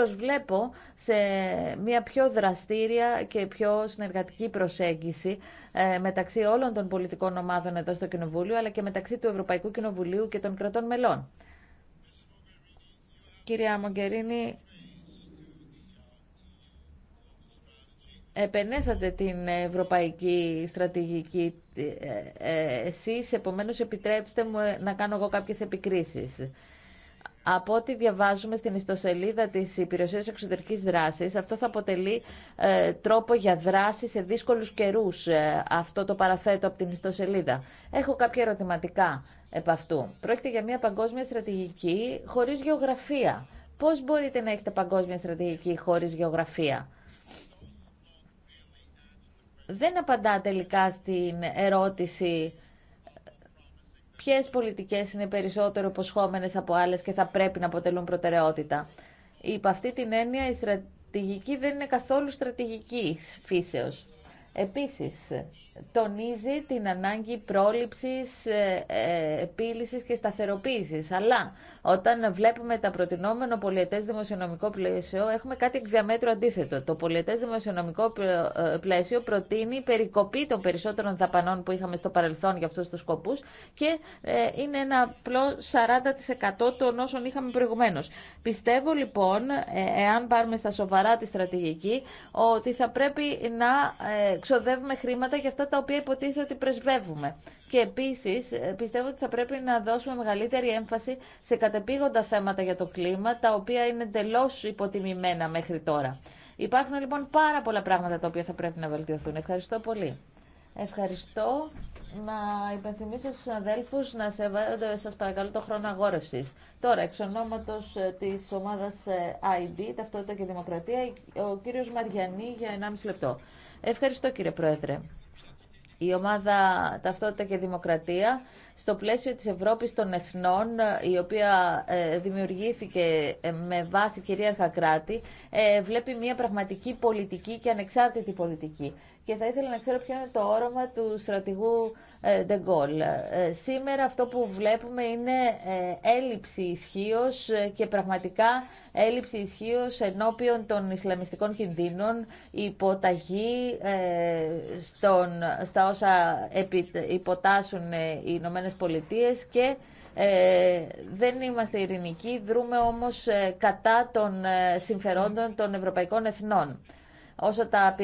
προσβλέπω σε μια πιο δραστήρια και πιο συνεργατική προσέγγιση ε, μεταξύ όλων των πολιτικών ομάδων εδώ στο Κοινοβούλιο, αλλά και μεταξύ του Ευρωπαϊκού Κοινοβουλίου και των κρατών μελών. Κυρία Μογκερίνη, επενέσατε την ευρωπαϊκή στρατηγική ε, ε, εσείς, επομένως επιτρέψτε μου να κάνω εγώ κάποιες επικρίσεις. Από ό,τι διαβάζουμε στην ιστοσελίδα τη Υπηρεσία εξωτερική δράση, αυτό θα αποτελεί ε, τρόπο για δράση σε δύσκολου καιρούς. Ε, αυτό το παραθέτω από την ιστοσελίδα. Έχω κάποια ερωτηματικά επ' αυτού. Πρόκειται για μια παγκόσμια στρατηγική χωρίς γεωγραφία. Πώς μπορείτε να έχετε παγκόσμια στρατηγική χωρί γεωγραφία. Δεν απαντά τελικά στην ερώτηση Ποιε πολιτικές είναι περισσότερο υποσχόμενε από άλλε και θα πρέπει να αποτελούν προτεραιότητα. Υπ' αυτή την έννοια η στρατηγική δεν είναι καθόλου στρατηγική φύσεως. Επίσης, τονίζει την ανάγκη πρόληψης, ε, ε, επίλυσης και σταθεροποίησης. Αλλά όταν βλέπουμε τα προτινόμενο πολιετές δημοσιονομικό πλαίσιο, έχουμε κάτι εκ αντίθετο. Το πολιετές δημοσιονομικό ε, πλαίσιο προτείνει περικοπή των περισσότερων δαπανών που είχαμε στο παρελθόν για αυτούς τους σκοπούς και είναι ένα απλό 40% των όσων είχαμε προηγουμένως. Πιστεύω λοιπόν, εάν πάρουμε στα σοβαρά τη στρατηγική, ότι θα πρέπει να ξοδεύουμε χρήματα για αυτά τα οποία υποτίθεται ότι πρεσβεύουμε. Και επίση ε, πιστεύω ότι θα πρέπει να δώσουμε μεγαλύτερη έμφαση σε κατεπήγοντα θέματα για το κλίμα, τα οποία είναι εντελώ υποτιμημένα μέχρι τώρα. Υπάρχουν λοιπόν πάρα πολλά πράγματα τα οποία θα πρέπει να βελτιωθούν. Ευχαριστώ πολύ. Ευχαριστώ. Να υπενθυμίσω στου αδέλφους να σεβαίνονται ε, σα παρακαλώ το χρόνο αγόρευση. Τώρα, εξ ονόματο ε, της ομάδας ID, Ταυτότητα και Δημοκρατία, ο κύριο Μαριανή για 1,5 λεπτό. Ευχαριστώ κύριε Πρόεδρε. Η ομάδα Ταυτότητα και Δημοκρατία στο πλαίσιο της Ευρώπης των Εθνών, η οποία ε, δημιουργήθηκε ε, με βάση κυρίαρχα κράτη, ε, βλέπει μια πραγματική πολιτική και ανεξάρτητη πολιτική και θα ήθελα να ξέρω ποιο είναι το όρομα του στρατηγού Ντεγκόλ. Ε, σήμερα αυτό που βλέπουμε είναι ε, έλλειψη ισχύω ε, και πραγματικά έλλειψη ισχύω ενώπιον των Ισλαμιστικών κινδύνων, υποταγή στον, στα όσα υποτάσσουν οι Ηνωμένε Πολιτείε και δεν είμαστε ειρηνικοί, δρούμε όμως κατά των συμφερόντων των ευρωπαϊκών εθνών. Όσο τα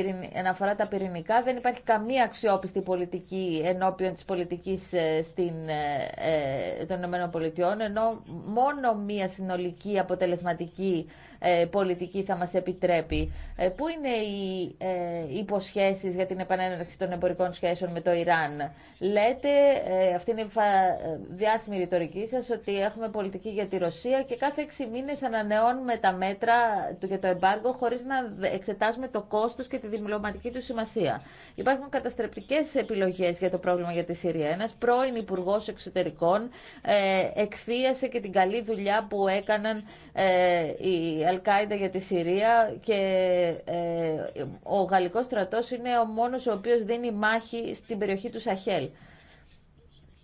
τα πυρηνικά, δεν υπάρχει καμία αξιόπιστη πολιτική ενώπιον της πολιτικής ε, στην, ε, ε, των ΗΠΑ, ενώ μόνο μία συνολική αποτελεσματική ε, πολιτική θα μας επιτρέπει. Ε, πού είναι οι ε, υποσχέσεις για την επανέναρξη των εμπορικών σχέσεων με το Ιράν. Λέτε, αυτή είναι η διάσημη ρητορική σας, ότι έχουμε πολιτική για τη Ρωσία και κάθε έξι μήνες ανανεώνουμε τα μέτρα για το εμπάργο χωρίς να εξετάζουμε το κόστος και τη δημιουργηματική του σημασία. Υπάρχουν καταστρεπτικές επιλογές για το πρόβλημα για τη Συρία. Ένας πρώην Υπουργό Εξωτερικών ε, εκφίασε και την καλή δουλειά που έκαναν ε, οι Αλκάιντα για τη Συρία και ε, ο γαλλικός στρατός είναι ο μόνος ο οποίος δίνει μάχη στην περιοχή του Σαχέλ.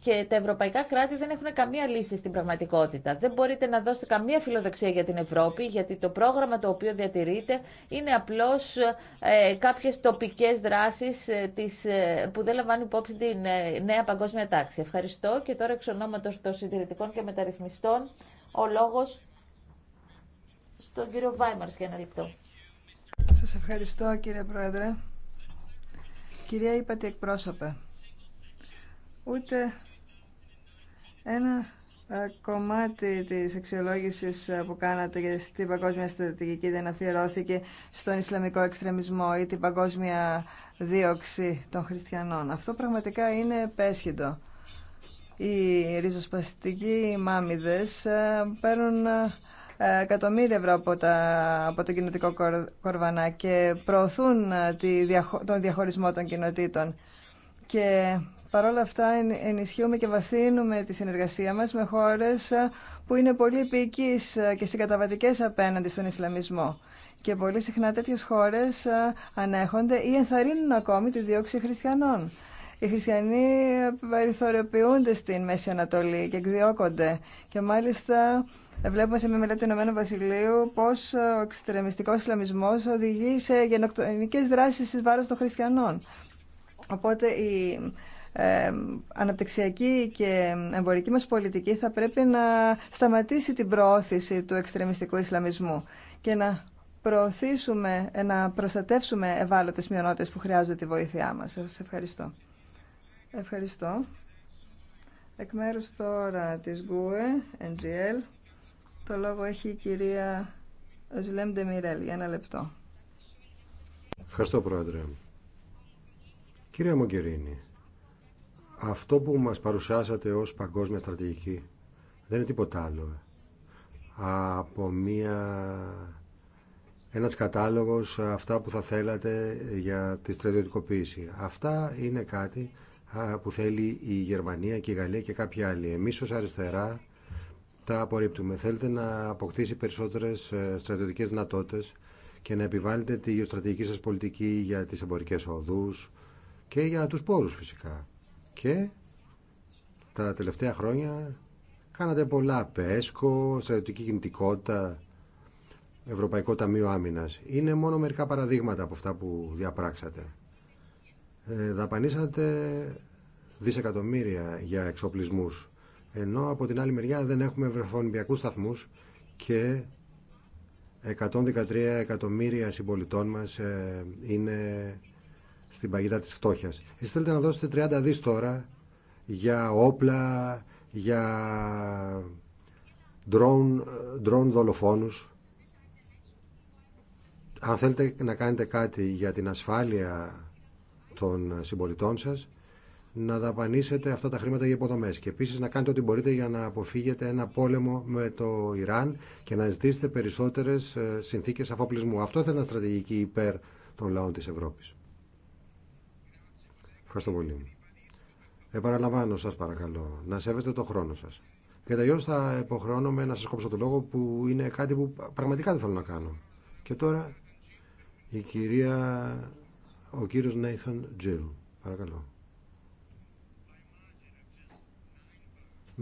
Και τα ευρωπαϊκά κράτη δεν έχουν καμία λύση στην πραγματικότητα. Δεν μπορείτε να δώσετε καμία φιλοδοξία για την Ευρώπη, γιατί το πρόγραμμα το οποίο διατηρείτε είναι απλώς ε, κάποιες τοπικές δράσεις ε, ε, που δεν λαμβάνουν υπόψη την νέα παγκόσμια τάξη. Ευχαριστώ και τώρα εξ ονόματος των συντηρητικών και μεταρρυθμιστών ο λόγος στον κύριο Βάιμαρ για ένα λεπτό. Σας ευχαριστώ κύριε Πρόεδρε. Κυρία είπατε εκπρόσωπε, ούτε ένα ε, κομμάτι της αξιολόγησης ε, που κάνατε για την παγκόσμια στρατηγική δεν αφιερώθηκε στον Ισλαμικό εξτρεμισμό ή την παγκόσμια δίωξη των χριστιανών. Αυτό πραγματικά είναι επέσχυντο Οι ριζοσπαστικοί μάμιδες ε, παίρνουν ε, εκατομμύρια ευρώ από, το κοινοτικό κορβανά και προωθούν ε, τη, τον διαχωρισμό των κοινοτήτων. Και παρόλα αυτά ενισχύουμε και βαθύνουμε τη συνεργασία μας με χώρες ε, που είναι πολύ επίκης και συγκαταβατικές απέναντι στον Ισλαμισμό. Και πολύ συχνά τέτοιε χώρες ανέχονται ή ενθαρρύνουν ακόμη τη δίωξη χριστιανών. Οι χριστιανοί περιθωριοποιούνται στην Μέση Ανατολή και εκδιώκονται. Και μάλιστα βλέπουμε σε μια μελέτη του Ηνωμένου Βασιλείου πώς ο εξτρεμιστικός Ισλαμισμός οδηγεί σε γενοκτονικέ δράσεις ει βάρο των χριστιανών. Οπότε η ε, αναπτυξιακή και εμπορική μας πολιτική θα πρέπει να σταματήσει την προώθηση του εξτρεμιστικού Ισλαμισμού και να προωθήσουμε, ε, να προστατεύσουμε ευάλωτες μειονότητες που χρειάζονται τη βοήθειά μας. Σας ευχαριστώ. Ευχαριστώ. Εκ μέρους τώρα της ΓΟΕ NGL, το λόγο έχει η κυρία Ζλέμ Ντεμιρέλ για ένα λεπτό. Ευχαριστώ Πρόεδρε. Κυρία Μογκερίνη, αυτό που μας παρουσιάσατε ως παγκόσμια στρατηγική δεν είναι τίποτα άλλο ε. από μια, ένας κατάλογος ε, αυτά που θα θέλατε ε, για τη στρατιωτικοποίηση. Αυτά είναι κάτι που θέλει η Γερμανία και η Γαλλία και κάποιοι άλλοι. Εμείς ως αριστερά τα απορρίπτουμε. Θέλετε να αποκτήσει περισσότερες ε, στρατιωτικές δυνατότητε και να επιβάλλετε τη γεωστρατηγική σα πολιτική για τις εμπορικέ οδούς και για τους πόρους φυσικά. Και τα τελευταία χρόνια κάνατε πολλά πέσκο, στρατιωτική κινητικότητα, Ευρωπαϊκό Ταμείο Άμυνα. Είναι μόνο μερικά παραδείγματα από αυτά που διαπράξατε. Ε, δαπανίσατε δισεκατομμύρια για εξοπλισμούς ενώ από την άλλη μεριά δεν έχουμε βρεφονιμπιακούς σταθμούς και 113 εκατομμύρια συμπολιτών μας ε, είναι στην παγίδα της φτώχειας. Εσείς θέλετε να δώσετε 30 δις τώρα για όπλα, για drone, drone δολοφόνους. Αν θέλετε να κάνετε κάτι για την ασφάλεια των συμπολιτών σας, να δαπανίσετε αυτά τα χρήματα για υποδομέ. Και επίση να κάνετε ό,τι μπορείτε για να αποφύγετε ένα πόλεμο με το Ιράν και να ζητήσετε περισσότερε ε, συνθήκε αφοπλισμού. Αυτό θα ήταν στρατηγική υπέρ των λαών τη Ευρώπη. Ευχαριστώ πολύ. Επαναλαμβάνω, σα παρακαλώ, να σέβεστε το χρόνο σα. Και αλλιώ θα υποχρεώνομαι να σα κόψω το λόγο που είναι κάτι που πραγματικά δεν θέλω να κάνω. Και τώρα η κυρία, ο κύριος Νέιθον Τζιλ. Παρακαλώ.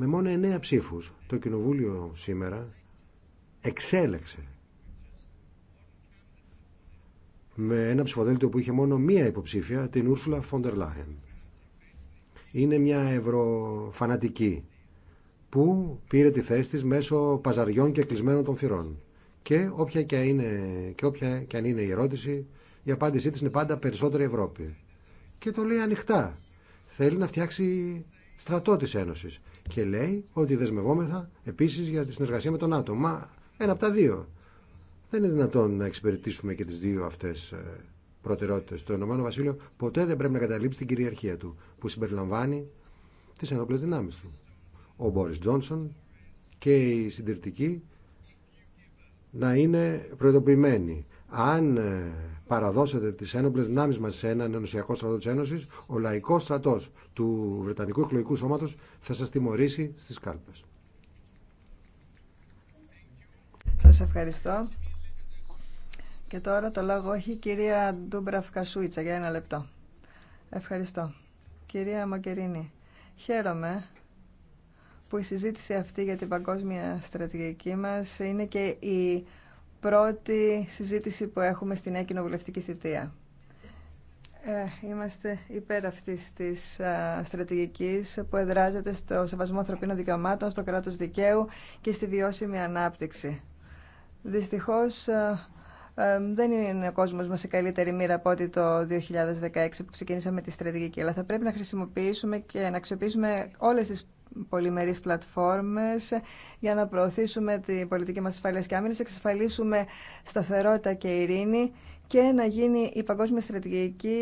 με μόνο εννέα ψήφους το Κοινοβούλιο σήμερα εξέλεξε με ένα ψηφοδέλτιο που είχε μόνο μία υποψήφια, την Ούρσουλα Φοντερ Λάιεν. Είναι μια υποψηφια την ουρσουλα φοντερ ειναι μια ευρωφανατικη που πήρε τη θέση της μέσω παζαριών και κλεισμένων των θυρών. Και όποια και, είναι, και όποια και αν είναι η ερώτηση, η απάντησή της είναι πάντα περισσότερη Ευρώπη. Και το λέει ανοιχτά. Θέλει να φτιάξει στρατό της Ένωσης και λέει ότι δεσμευόμεθα επίσης για τη συνεργασία με τον ΝΑΤΟ. Μα ένα από τα δύο. Δεν είναι δυνατόν να εξυπηρετήσουμε και τις δύο αυτές ε, προτεραιότητες. Το Ηνωμένο Βασίλειο ποτέ δεν πρέπει να καταλήψει την κυριαρχία του που συμπεριλαμβάνει τις ενόπλες δυνάμεις του. Ο Μπόρις Τζόνσον και η συντηρητικοί να είναι προειδοποιημένοι αν ε, παραδώσετε τις ένοπλες δυνάμεις μας σε έναν ενωσιακό στρατό της Ένωσης, ο λαϊκός στρατός του Βρετανικού Εκλογικού Σώματος θα σας τιμωρήσει στις κάλπες. Σας ευχαριστώ. Και τώρα το λόγο έχει η κυρία Ντούμπραφ Κασούιτσα για ένα λεπτό. Ευχαριστώ. Κυρία Μακερίνη, χαίρομαι που η συζήτηση αυτή για την παγκόσμια στρατηγική μας είναι και η πρώτη συζήτηση που έχουμε στην νέα κοινοβουλευτική θητεία. Ε, είμαστε υπέρ αυτή τη στρατηγική που εδράζεται στο σεβασμό ανθρωπίνων δικαιωμάτων, στο κράτο δικαίου και στη βιώσιμη ανάπτυξη. Δυστυχώς δεν είναι ο κόσμος μας σε καλύτερη μοίρα από ότι το 2016 που ξεκινήσαμε τη στρατηγική, αλλά θα πρέπει να χρησιμοποιήσουμε και να αξιοποιήσουμε όλες τις πολυμερείς πλατφόρμες για να προωθήσουμε την πολιτική μας ασφάλειας και άμυνας, εξασφαλίσουμε σταθερότητα και ειρήνη και να γίνει η παγκόσμια στρατηγική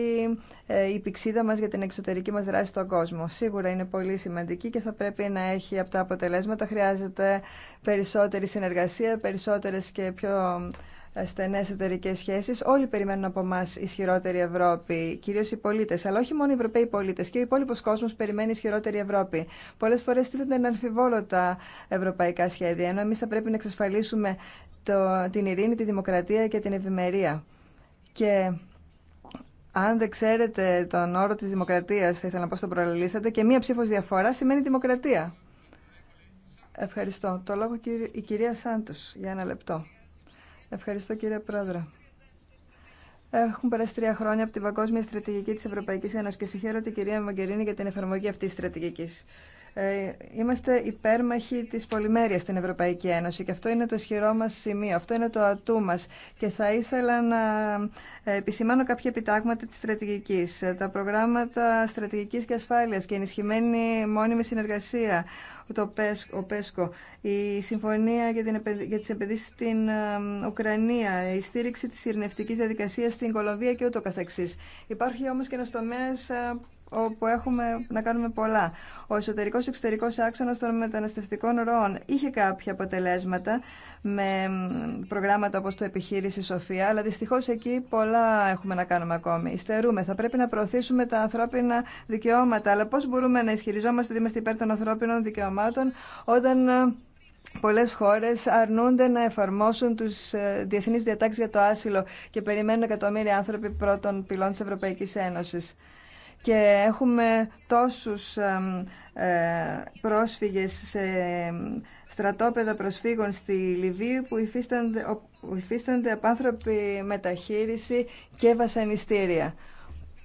ε, η πηξίδα μας για την εξωτερική μας δράση στον κόσμο. Σίγουρα είναι πολύ σημαντική και θα πρέπει να έχει από τα αποτελέσματα. Χρειάζεται περισσότερη συνεργασία, περισσότερες και πιο στενέ εταιρικέ σχέσει. Όλοι περιμένουν από εμά ισχυρότερη Ευρώπη, κυρίω οι πολίτε. Αλλά όχι μόνο οι Ευρωπαίοι πολίτε, και ο υπόλοιπο κόσμο περιμένει ισχυρότερη Ευρώπη. Πολλέ φορέ τίθενται να ευρωπαϊκά σχέδια, ενώ εμεί θα πρέπει να εξασφαλίσουμε το, την ειρήνη, τη δημοκρατία και την ευημερία. Και αν δεν ξέρετε τον όρο τη δημοκρατία, θα ήθελα να πω στον προλαλήσατε, και μία ψήφο διαφορά σημαίνει δημοκρατία. Ευχαριστώ. Το λόγο η κυρία Σάντους για ένα λεπτό. Ευχαριστώ κύριε Πρόεδρε. Έχουν περάσει τρία χρόνια από την Παγκόσμια Στρατηγική τη Ευρωπαϊκή Ένωση και συγχαίρω την κυρία Μαγκερίνη για την εφαρμογή αυτή τη στρατηγική. Ε, είμαστε υπέρμαχοι της πολυμέρειας στην Ευρωπαϊκή Ένωση και αυτό είναι το ισχυρό μας σημείο, αυτό είναι το ατού μας και θα ήθελα να ε, επισημάνω κάποια επιτάγματα της στρατηγικής, ε, τα προγράμματα στρατηγικής και ασφάλειας και ενισχυμένη μόνιμη συνεργασία, το ΠΕΣΚΟ, η συμφωνία για, την, για τις επενδύσεις στην Ουκρανία, η στήριξη της ειρηνευτικής διαδικασίας στην Κολομβία και ούτω καθεξής. Υπάρχει όμως και ένας τομέας όπου έχουμε να κάνουμε πολλά. Ο εσωτερικός και εξωτερικός άξονας των μεταναστευτικών ροών είχε κάποια αποτελέσματα με προγράμματα όπως το επιχείρηση Σοφία, αλλά δυστυχώς εκεί πολλά έχουμε να κάνουμε ακόμη. Ιστερούμε, θα πρέπει να προωθήσουμε τα ανθρώπινα δικαιώματα, αλλά πώς μπορούμε να ισχυριζόμαστε ότι είμαστε υπέρ των ανθρώπινων δικαιωμάτων όταν ε, Πολλές χώρες αρνούνται να εφαρμόσουν τους ε, διεθνείς διατάξεις για το άσυλο και περιμένουν εκατομμύρια άνθρωποι πρώτων πυλών τη Ευρωπαϊκής Ένωσης και έχουμε τόσους ε, πρόσφυγες σε στρατόπεδα προσφύγων στη Λιβύη που υφίστανται, από απάνθρωπη μεταχείριση και βασανιστήρια.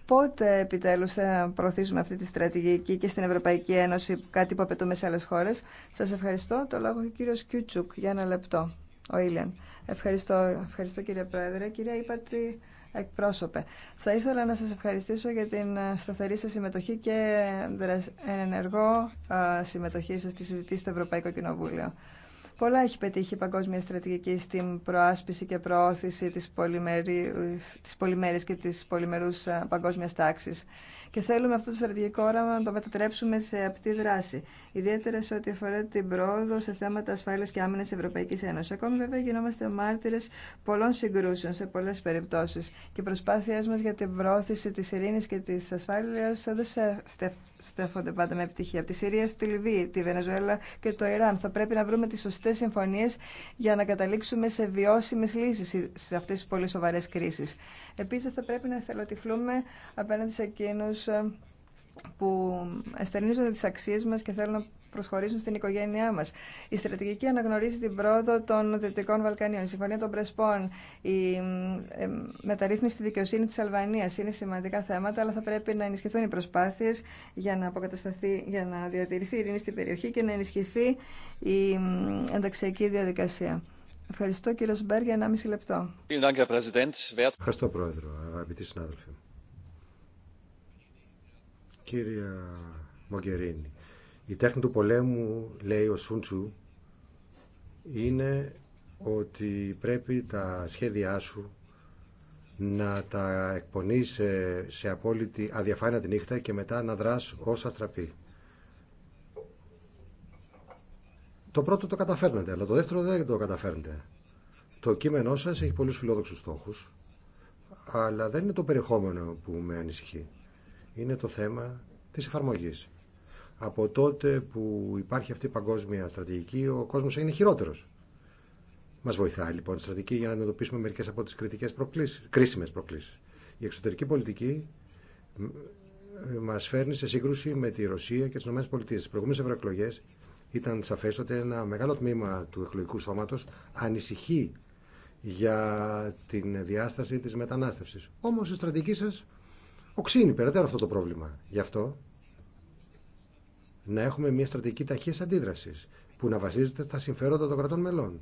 Πότε επιτέλους θα προωθήσουμε αυτή τη στρατηγική και στην Ευρωπαϊκή Ένωση, κάτι που απαιτούμε σε άλλες χώρες. Σας ευχαριστώ. Το λόγο έχει ο κύριος Κιούτσουκ για ένα λεπτό. Ο Ήλιαν. Ευχαριστώ, ευχαριστώ κύριε Πρόεδρε. Κυρία εκπρόσωπε. Θα ήθελα να σας ευχαριστήσω για την ε, σταθερή σας συμμετοχή και ε, ε, ενεργό συμμετοχή σας στη συζητή στο Ευρωπαϊκό Κοινοβούλιο. Πολλά έχει πετύχει η παγκόσμια στρατηγική στην προάσπιση και προώθηση της πολυμέρης και της πολυμερούς παγκόσμιας τάξης και θέλουμε αυτό το στρατηγικό όραμα να το μετατρέψουμε σε απτή δράση. Ιδιαίτερα σε ό,τι αφορά την πρόοδο σε θέματα ασφάλεια και άμυνα Ευρωπαϊκή Ένωση. Ακόμη, βέβαια, γινόμαστε μάρτυρε πολλών συγκρούσεων σε πολλέ περιπτώσει και οι προσπάθειέ μα για την πρόθεση τη ειρήνη και τη ασφάλεια δεν στέφονται πάντα με επιτυχία. Από τη Συρία στη Λιβύη, τη Βενεζουέλα και το Ιράν. Θα πρέπει να βρούμε τι σωστέ συμφωνίε για να καταλήξουμε σε βιώσιμε λύσει σε αυτέ τι πολύ σοβαρέ κρίσει. Επίση, θα πρέπει να θελοτυφλούμε απέναντι σε εκείνου ε, που εστερνίζονται τις αξίες μας και θέλουν να προσχωρήσουν στην οικογένειά μας. Η στρατηγική αναγνωρίζει την πρόοδο των Δυτικών Βαλκανίων, η Συμφωνία των Πρεσπών, η ε, μεταρρύθμιση στη δικαιοσύνη της Αλβανίας είναι σημαντικά θέματα, αλλά θα πρέπει να ενισχυθούν οι προσπάθειες για να, αποκατασταθεί, για να διατηρηθεί η ειρήνη στην περιοχή και να ενισχυθεί η ενταξιακή διαδικασία. Ευχαριστώ κύριο Σμπέρ για 1,5 λεπτό. Ευχαριστώ Πρόεδρο, αγαπητοί συνάδελφοι. Κύρια Μογκερίνη, η τέχνη του πολέμου, λέει ο Σούντσου, είναι ότι πρέπει τα σχέδιά σου να τα εκπονείς σε, απόλυτη αδιαφάνεια τη νύχτα και μετά να δράς ως αστραπή. Το πρώτο το καταφέρνετε, αλλά το δεύτερο δεν το καταφέρνετε. Το κείμενό σας έχει πολλούς φιλόδοξους στόχους, αλλά δεν είναι το περιεχόμενο που με ανησυχεί είναι το θέμα της εφαρμογής. Από τότε που υπάρχει αυτή η παγκόσμια στρατηγική, ο κόσμος είναι χειρότερος. Μας βοηθάει λοιπόν η στρατηγική για να αντιμετωπίσουμε μερικές από τις κριτικές προκλήσει. κρίσιμες προκλήσεις. Η εξωτερική πολιτική ε, μας φέρνει σε σύγκρουση με τη Ρωσία και τις ΗΠΑ. Στις προηγούμενες ευρωεκλογέ ήταν σαφές ότι ένα μεγάλο τμήμα του εκλογικού σώματος ανησυχεί για την διάσταση της μετανάστευση. Όμως η στρατηγική σας οξύνει περαιτέρω αυτό το πρόβλημα. Γι' αυτό να έχουμε μια στρατηγική ταχεία αντίδραση που να βασίζεται στα συμφέροντα των κρατών μελών.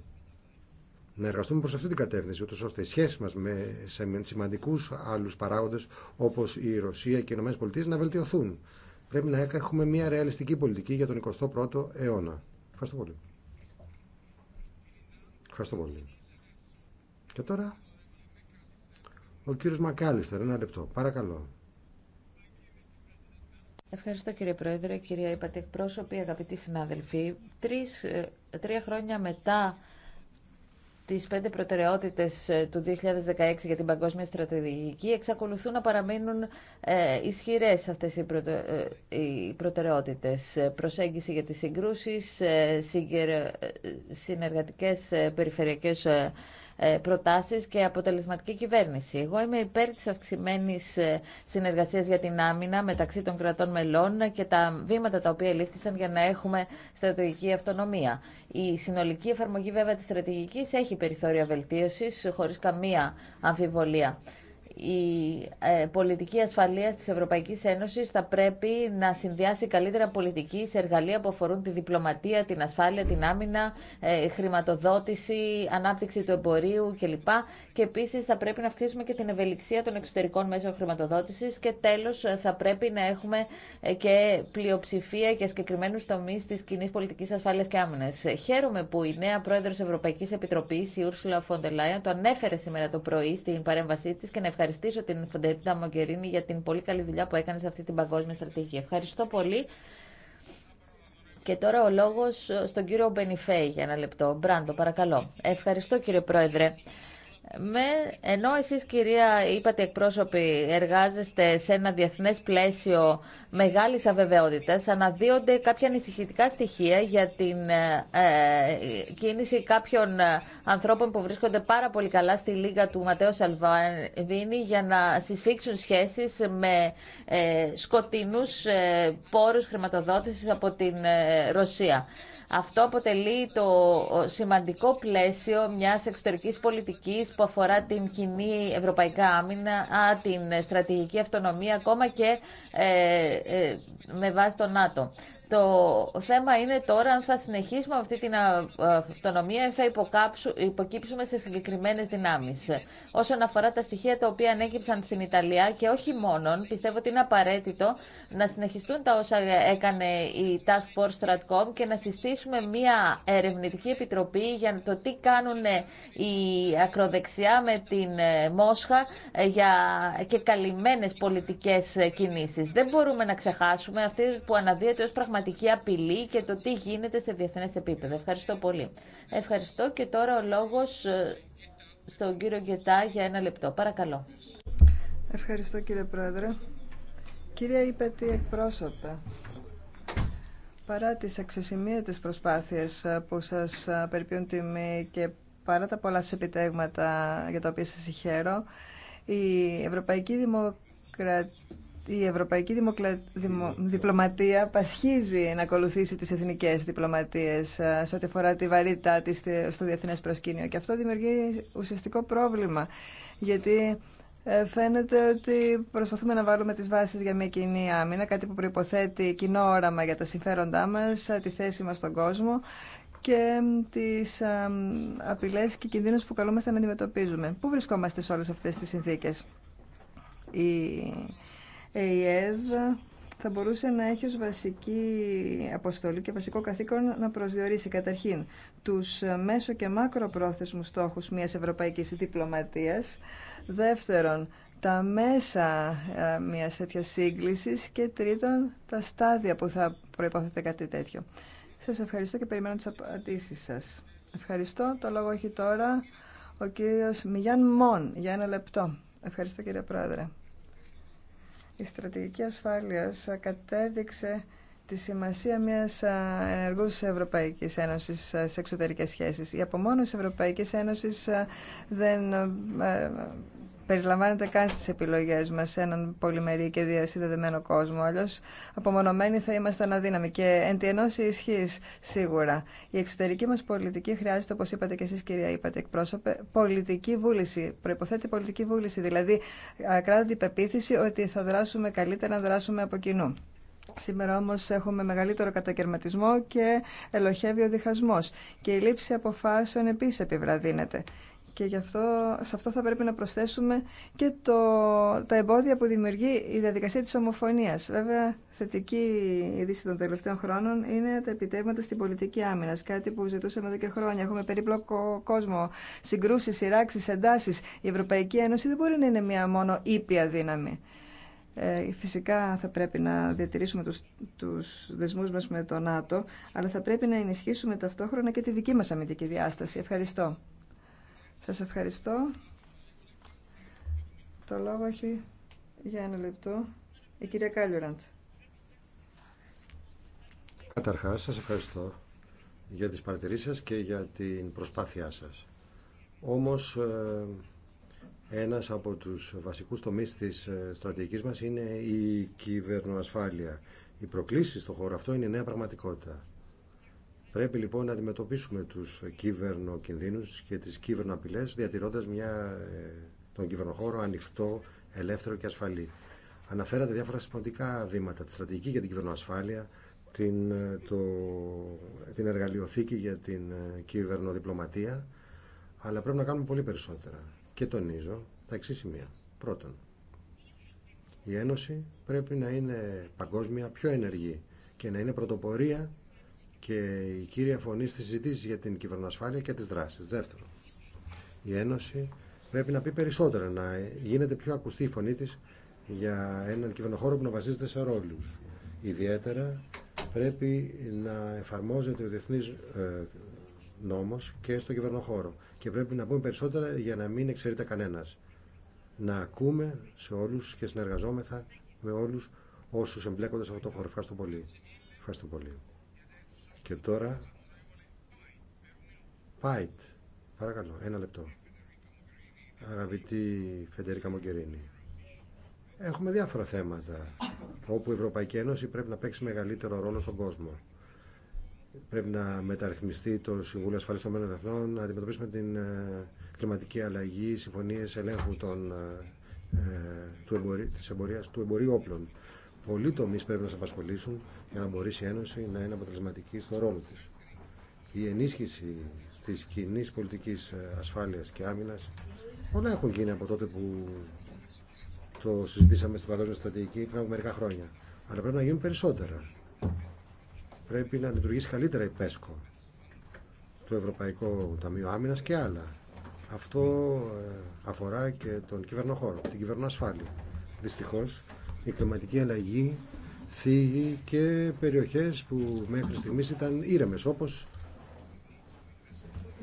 Να εργαστούμε προ αυτή την κατεύθυνση, ούτω ώστε οι σχέσει μα με σημαντικού άλλου παράγοντε όπω η Ρωσία και οι ΗΠΑ να βελτιωθούν. Πρέπει να έχουμε μια ρεαλιστική πολιτική για τον 21ο αιώνα. Ευχαριστώ πολύ. Ευχαριστώ πολύ. Και τώρα ο κύριος Μακάλιστερ, ένα λεπτό, παρακαλώ. Ευχαριστώ κύριε Πρόεδρε, κυρία Υπατήκ, εκπρόσωποι, αγαπητοί συνάδελφοι. Τρεις, ε, τρία χρόνια μετά τις πέντε προτεραιότητες ε, του 2016 για την παγκόσμια στρατηγική εξακολουθούν να παραμείνουν ε, ισχυρές αυτές οι, προτε, ε, προτεραιότητες. Προσέγγιση για τις συγκρούσεις, ε, συνεργατικές περιφερειακές ε, προτάσεις και αποτελεσματική κυβέρνηση. Εγώ είμαι υπέρ της αυξημένη ε, συνεργασίας για την άμυνα μεταξύ των κρατών μελών και τα βήματα τα οποία λήφθησαν για να έχουμε στρατηγική αυτονομία. Η συνολική εφαρμογή βέβαια της στρατηγικής έχει περιθώρια βελτίωσης χωρίς καμία αμφιβολία η ε, πολιτική ασφαλείας της Ευρωπαϊκής Ένωσης θα πρέπει να συνδυάσει καλύτερα πολιτική σε εργαλεία που αφορούν τη διπλωματία, την ασφάλεια, την άμυνα, ε, χρηματοδότηση, ανάπτυξη του εμπορίου κλπ. Και επίσης θα πρέπει να αυξήσουμε και την ευελιξία των εξωτερικών μέσων χρηματοδότησης και τέλος ε, θα πρέπει να έχουμε και πλειοψηφία και συγκεκριμένου τομεί τη κοινή πολιτική ασφάλεια και άμυνα. Χαίρομαι που η νέα πρόεδρο Ευρωπαϊκή Επιτροπή, η Ούρσουλα von το ανέφερε σήμερα το πρωί στην παρέμβασή τη και να ευχαριστήσω την Φοντερίτα Μογκερίνη για την πολύ καλή δουλειά που έκανε σε αυτή την παγκόσμια στρατηγική. Ευχαριστώ πολύ. Και τώρα ο λόγος στον κύριο Μπενιφέη για ένα λεπτό. Μπράντο, παρακαλώ. Ευχαριστώ κύριε Πρόεδρε. Με, ενώ εσείς κυρία είπατε εκπρόσωποι εργάζεστε σε ένα διεθνές πλαίσιο μεγάλης αβεβαιότητας αναδύονται κάποια ανησυχητικά στοιχεία για την ε, ε, κίνηση κάποιων ε, ανθρώπων που βρίσκονται πάρα πολύ καλά στη λίγα του Ματέο Σαλβάνδίνη για να συσφίξουν σχέσεις με ε, σκοτεινούς πόρους χρηματοδότησης από την Ρωσία. Αυτό αποτελεί το σημαντικό πλαίσιο μιας εξωτερικής πολιτικής που αφορά την κοινή ευρωπαϊκά άμυνα, την στρατηγική αυτονομία, ακόμα και ε, ε, με βάση το ΝΑΤΟ. Το θέμα είναι τώρα αν θα συνεχίσουμε αυτή την αυτονομία ή θα υποκύψουμε σε συγκεκριμένες δυνάμεις. Όσον αφορά τα στοιχεία τα οποία ανέκυψαν στην Ιταλία και όχι μόνον, πιστεύω ότι είναι απαραίτητο να συνεχιστούν τα όσα έκανε η Task Force Stratcom και να συστήσουμε μια ερευνητική επιτροπή για το τι κάνουν η ακροδεξιά με την ε, Μόσχα ε, για και καλυμμένες πολιτικές κινήσεις. Δεν μπορούμε να ξεχάσουμε αυτή που αναδύεται ως πραγματικότητα πραγματική απειλή και το τι γίνεται σε διεθνές επίπεδο. Ευχαριστώ πολύ. Ευχαριστώ και τώρα ο λόγος ε, στον κύριο Γκετά για ένα λεπτό. Παρακαλώ. Ευχαριστώ κύριε Πρόεδρε. Κυρία Υπέτη εκπρόσωπε, παρά τις αξιοσημείωτες προσπάθειες ε, που σας ε, περιποιούν τιμή και παρά τα πολλά επιτέγματα για τα οποία σας συγχαίρω, η Ευρωπαϊκή Δημοκρατία η ευρωπαϊκή δημοκλα... διπλωματία πασχίζει να ακολουθήσει τις εθνικές διπλωματίες ε, σε ό,τι αφορά τη βαρύτητά της στο διεθνές προσκήνιο. Και αυτό δημιουργεί ουσιαστικό πρόβλημα, γιατί ε, φαίνεται ότι προσπαθούμε να βάλουμε τις βάσεις για μια κοινή άμυνα, κάτι που προϋποθέτει κοινό όραμα για τα συμφέροντά μας, ε, τη θέση μας στον κόσμο και τις απειλές και κινδύνους που καλούμαστε να αντιμετωπίζουμε. Πού βρισκόμαστε σε όλες αυτές τις συνθήκες η θα μπορούσε να έχει ως βασική αποστολή και βασικό καθήκον να προσδιορίσει καταρχήν τους μέσο και μάκρο μακροπρόθεσμους στόχους μιας ευρωπαϊκής διπλωματίας, δεύτερον τα μέσα ε, μιας τέτοιας σύγκλησης και τρίτον τα στάδια που θα προϋπόθεται κάτι τέτοιο. Σας ευχαριστώ και περιμένω τις απαντήσεις σας. Ευχαριστώ. Το λόγο έχει τώρα ο κύριος Μιγιάν Μον για ένα λεπτό. Ευχαριστώ κύριε Πρόεδρε. Η στρατηγική ασφάλειας ε, κατέδειξε τη σημασία μιας ε, ενεργούς Ευρωπαϊκής Ένωσης ε, σε εξωτερικές σχέσεις. Η απομόνωση Ευρωπαϊκής Ένωσης δεν περιλαμβάνεται καν στις επιλογές μας σε έναν πολυμερή και διασυνδεδεμένο κόσμο. Αλλιώ απομονωμένοι θα ήμασταν αδύναμοι και εν τη ενώση ισχύς σίγουρα. Η εξωτερική μας πολιτική χρειάζεται, όπως είπατε και εσείς κυρία είπατε εκπρόσωπε, πολιτική βούληση. Προϋποθέτει πολιτική βούληση, δηλαδή ακράδαντη πεποίθηση ότι θα δράσουμε καλύτερα να δράσουμε από κοινού. Σήμερα όμω έχουμε μεγαλύτερο κατακαιρματισμό και ελοχεύει ο διχασμό. Και η λήψη αποφάσεων επίση επιβραδύνεται. Και γι' αυτό, σε αυτό θα πρέπει να προσθέσουμε και το, τα εμπόδια που δημιουργεί η διαδικασία της ομοφωνίας. Βέβαια, θετική είδηση των τελευταίων χρόνων είναι τα επιτεύγματα στην πολιτική άμυνα. Κάτι που ζητούσαμε εδώ και χρόνια. Έχουμε περίπλοκο κόσμο, συγκρούσει, σειράξει, εντάσει. Η Ευρωπαϊκή Ένωση δεν μπορεί να είναι μία μόνο ήπια δύναμη. Ε, φυσικά θα πρέπει να διατηρήσουμε τους, τους δεσμούς μας με το ΝΑΤΟ, αλλά θα πρέπει να ενισχύσουμε ταυτόχρονα και τη δική μας αμυντική διάσταση. Ευχαριστώ. Σας ευχαριστώ. Το λόγο έχει για ένα λεπτό η κυρία Κάλιουραντ. Καταρχάς, σας ευχαριστώ για τις παρατηρήσεις σας και για την προσπάθειά σας. Όμως, ε, ένας από τους βασικούς τομείς της ε, στρατηγικής μας είναι η κυβερνοασφάλεια. Οι προκλήσεις στον χώρο αυτό είναι νέα πραγματικότητα. Πρέπει λοιπόν να αντιμετωπίσουμε τους κυβερνοκινδύνους και τις κύβερνο-απειλές διατηρώντας μια, ε, τον κυβερνοχώρο ανοιχτό, ελεύθερο και ασφαλή. Αναφέρατε διάφορα σημαντικά βήματα, τη στρατηγική για την κυβερνοασφάλεια, την, ε, το, την εργαλειοθήκη για την ε, κυβερνοδιπλωματία, αλλά πρέπει να κάνουμε πολύ περισσότερα. Και τονίζω τα εξή σημεία. Πρώτον, η Ένωση πρέπει να είναι παγκόσμια πιο ενεργή και να είναι πρωτοπορία και η κύρια φωνή στις συζητήσεις για την κυβερνοασφάλεια και τις δράσεις. Δεύτερον, η Ένωση πρέπει να πει περισσότερα, να γίνεται πιο ακουστή η φωνή της για έναν κυβερνοχώρο που να βασίζεται σε ρόλους. Ιδιαίτερα πρέπει να εφαρμόζεται ο διεθνής ε, νόμος και στο κυβερνοχώρο και πρέπει να πούμε περισσότερα για να μην εξαιρείται κανένας. Να ακούμε σε όλους και συνεργαζόμεθα με όλους όσους εμπλέκονται σε αυτό το χώρο. Ευχαριστώ πολύ. Ευχαριστώ πολύ. Και τώρα, Πάιτ, παρακαλώ, ένα λεπτό. Αγαπητή Φεντερίκα Μογκερίνη, έχουμε διάφορα θέματα όπου η Ευρωπαϊκή Ένωση πρέπει να παίξει μεγαλύτερο ρόλο στον κόσμο. Πρέπει να μεταρρυθμιστεί το Συμβούλιο Ασφαλής των Μένων Εθνών, να αντιμετωπίσουμε την ε, κλιματική αλλαγή, συμφωνίες ελέγχου των, ε, ε του, εμπορί, εμπορίου όπλων. Πολλοί τομεί πρέπει να σε απασχολήσουν για να μπορέσει η Ένωση να είναι αποτελεσματική στο ρόλο της. Η ενίσχυση της κοινή πολιτικής ε, ασφάλειας και άμυνας όλα έχουν γίνει από τότε που το συζητήσαμε στην Παγκόσμια Στρατηγική πριν από μερικά χρόνια. Αλλά πρέπει να γίνουν περισσότερα. Πρέπει να λειτουργήσει καλύτερα η ΠΕΣΚΟ, το Ευρωπαϊκό Ταμείο Άμυνα και άλλα. Αυτό ε, αφορά και τον κυβερνοχώρο, την κυβερνοασφάλεια. Δυστυχώ η κλιματική αλλαγή θίγει και περιοχές που μέχρι στιγμής ήταν ήρεμες όπως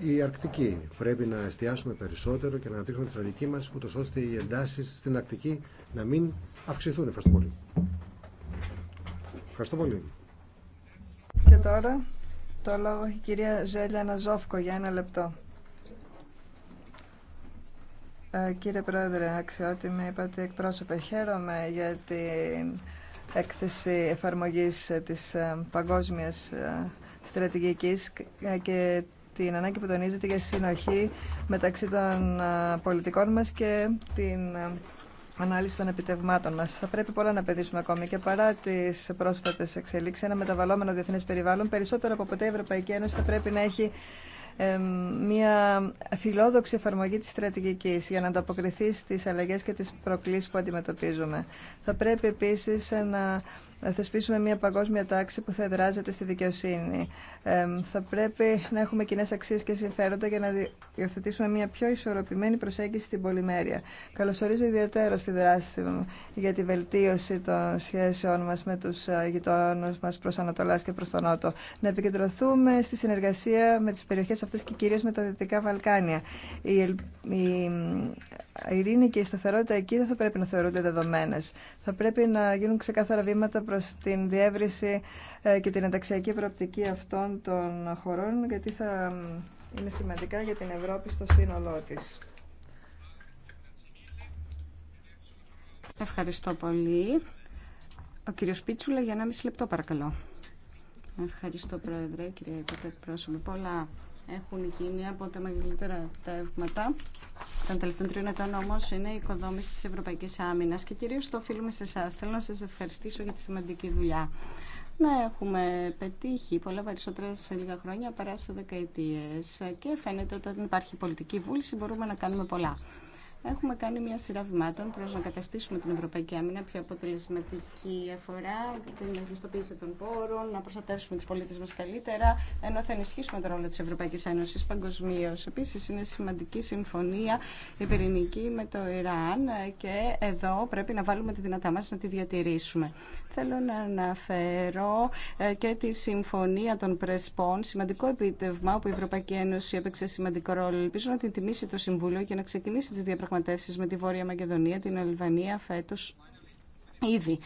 η Αρκτική. Πρέπει να εστιάσουμε περισσότερο και να αναπτύξουμε τη στρατηγική μας ούτως ώστε οι εντάσεις στην Αρκτική να μην αυξηθούν. Ευχαριστώ πολύ. Ευχαριστώ πολύ. Και τώρα το λόγο έχει η κυρία Ζέλια Ναζόφκο για ένα λεπτό. Ε, κύριε Πρόεδρε, αξιότιμη είπατε εκπρόσωπε, χαίρομαι για την έκθεση εφαρμογής ε, της ε, παγκόσμιας ε, στρατηγικής και την ανάγκη που τονίζεται για συνοχή μεταξύ των πολιτικών μας και την ανάλυση των επιτευγμάτων μας. Θα πρέπει πολλά να πεδίσουμε ακόμη και παρά τις πρόσφατες εξελίξεις, ένα μεταβαλλόμενο διεθνές περιβάλλον, περισσότερο από ποτέ η Ευρωπαϊκή Ένωση θα πρέπει να έχει μια φιλόδοξη εφαρμογή της στρατηγικής για να ανταποκριθεί στις αλλαγές και τις προκλήσεις που αντιμετωπίζουμε. Θα πρέπει επίσης να θεσπίσουμε μια παγκόσμια τάξη που θα εδράζεται στη δικαιοσύνη. θα πρέπει να έχουμε κοινέ αξίε και συμφέροντα για να υιοθετήσουμε μια πιο ισορροπημένη προσέγγιση στην πολυμέρεια. Καλωσορίζω ιδιαίτερα στη δράση μου για τη βελτίωση των σχέσεών μα με του ε, γειτόνου μα προ Ανατολά και προ τον Νότο. Να επικεντρωθούμε στη συνεργασία με τι περιοχέ αυτέ και κυρίω με τα Δυτικά Βαλκάνια. Η, ειρήνη και η σταθερότητα εκεί δεν θα πρέπει να θεωρούνται δεδομένε. Θα πρέπει να γίνουν ξεκάθαρα βήματα προ την διεύρυνση ε, και την ενταξιακή προοπτική αυτών των χωρών, γιατί θα είναι σημαντικά για την Ευρώπη στο σύνολό τη. Ευχαριστώ πολύ. Ο κύριο Πίτσουλα για μισή λεπτό παρακαλώ. Ευχαριστώ Πρόεδρε, κύριε έχουν γίνει από τα μεγαλύτερα επιτεύγματα Τα τελευταίων τριών ετών όμω είναι η οικοδόμηση τη Ευρωπαϊκή Άμυνα και κυρίω το οφείλουμε σε εσά. Θέλω να σα ευχαριστήσω για τη σημαντική δουλειά. Να έχουμε πετύχει πολλά περισσότερα σε λίγα χρόνια παρά σε δεκαετίε και φαίνεται ότι όταν υπάρχει πολιτική βούληση μπορούμε να κάνουμε πολλά. Έχουμε κάνει μια σειρά βημάτων προ να καταστήσουμε την Ευρωπαϊκή Άμυνα πιο αποτελεσματική αφορά, την ευγνωστοποίηση των πόρων, να προστατεύσουμε του πολίτε μα καλύτερα, ενώ θα ενισχύσουμε τον ρόλο τη Ευρωπαϊκή Ένωση παγκοσμίω. Επίση, είναι σημαντική συμφωνία η πυρηνική με το Ιράν και εδώ πρέπει να βάλουμε τη δυνατά μα να τη διατηρήσουμε. Θέλω να αναφέρω ε, και τη συμφωνία των Πρεσπών, σημαντικό επιτεύγμα που η Ευρωπαϊκή Ένωση έπαιξε σημαντικό ρόλο. Ελπίζω να την τιμήσει το Συμβούλιο και να ξεκινήσει τι διαπραγματεύσει διαπραγματεύσεις με τη Βόρεια Μακεδονία, την Αλβανία φέτος ήδη.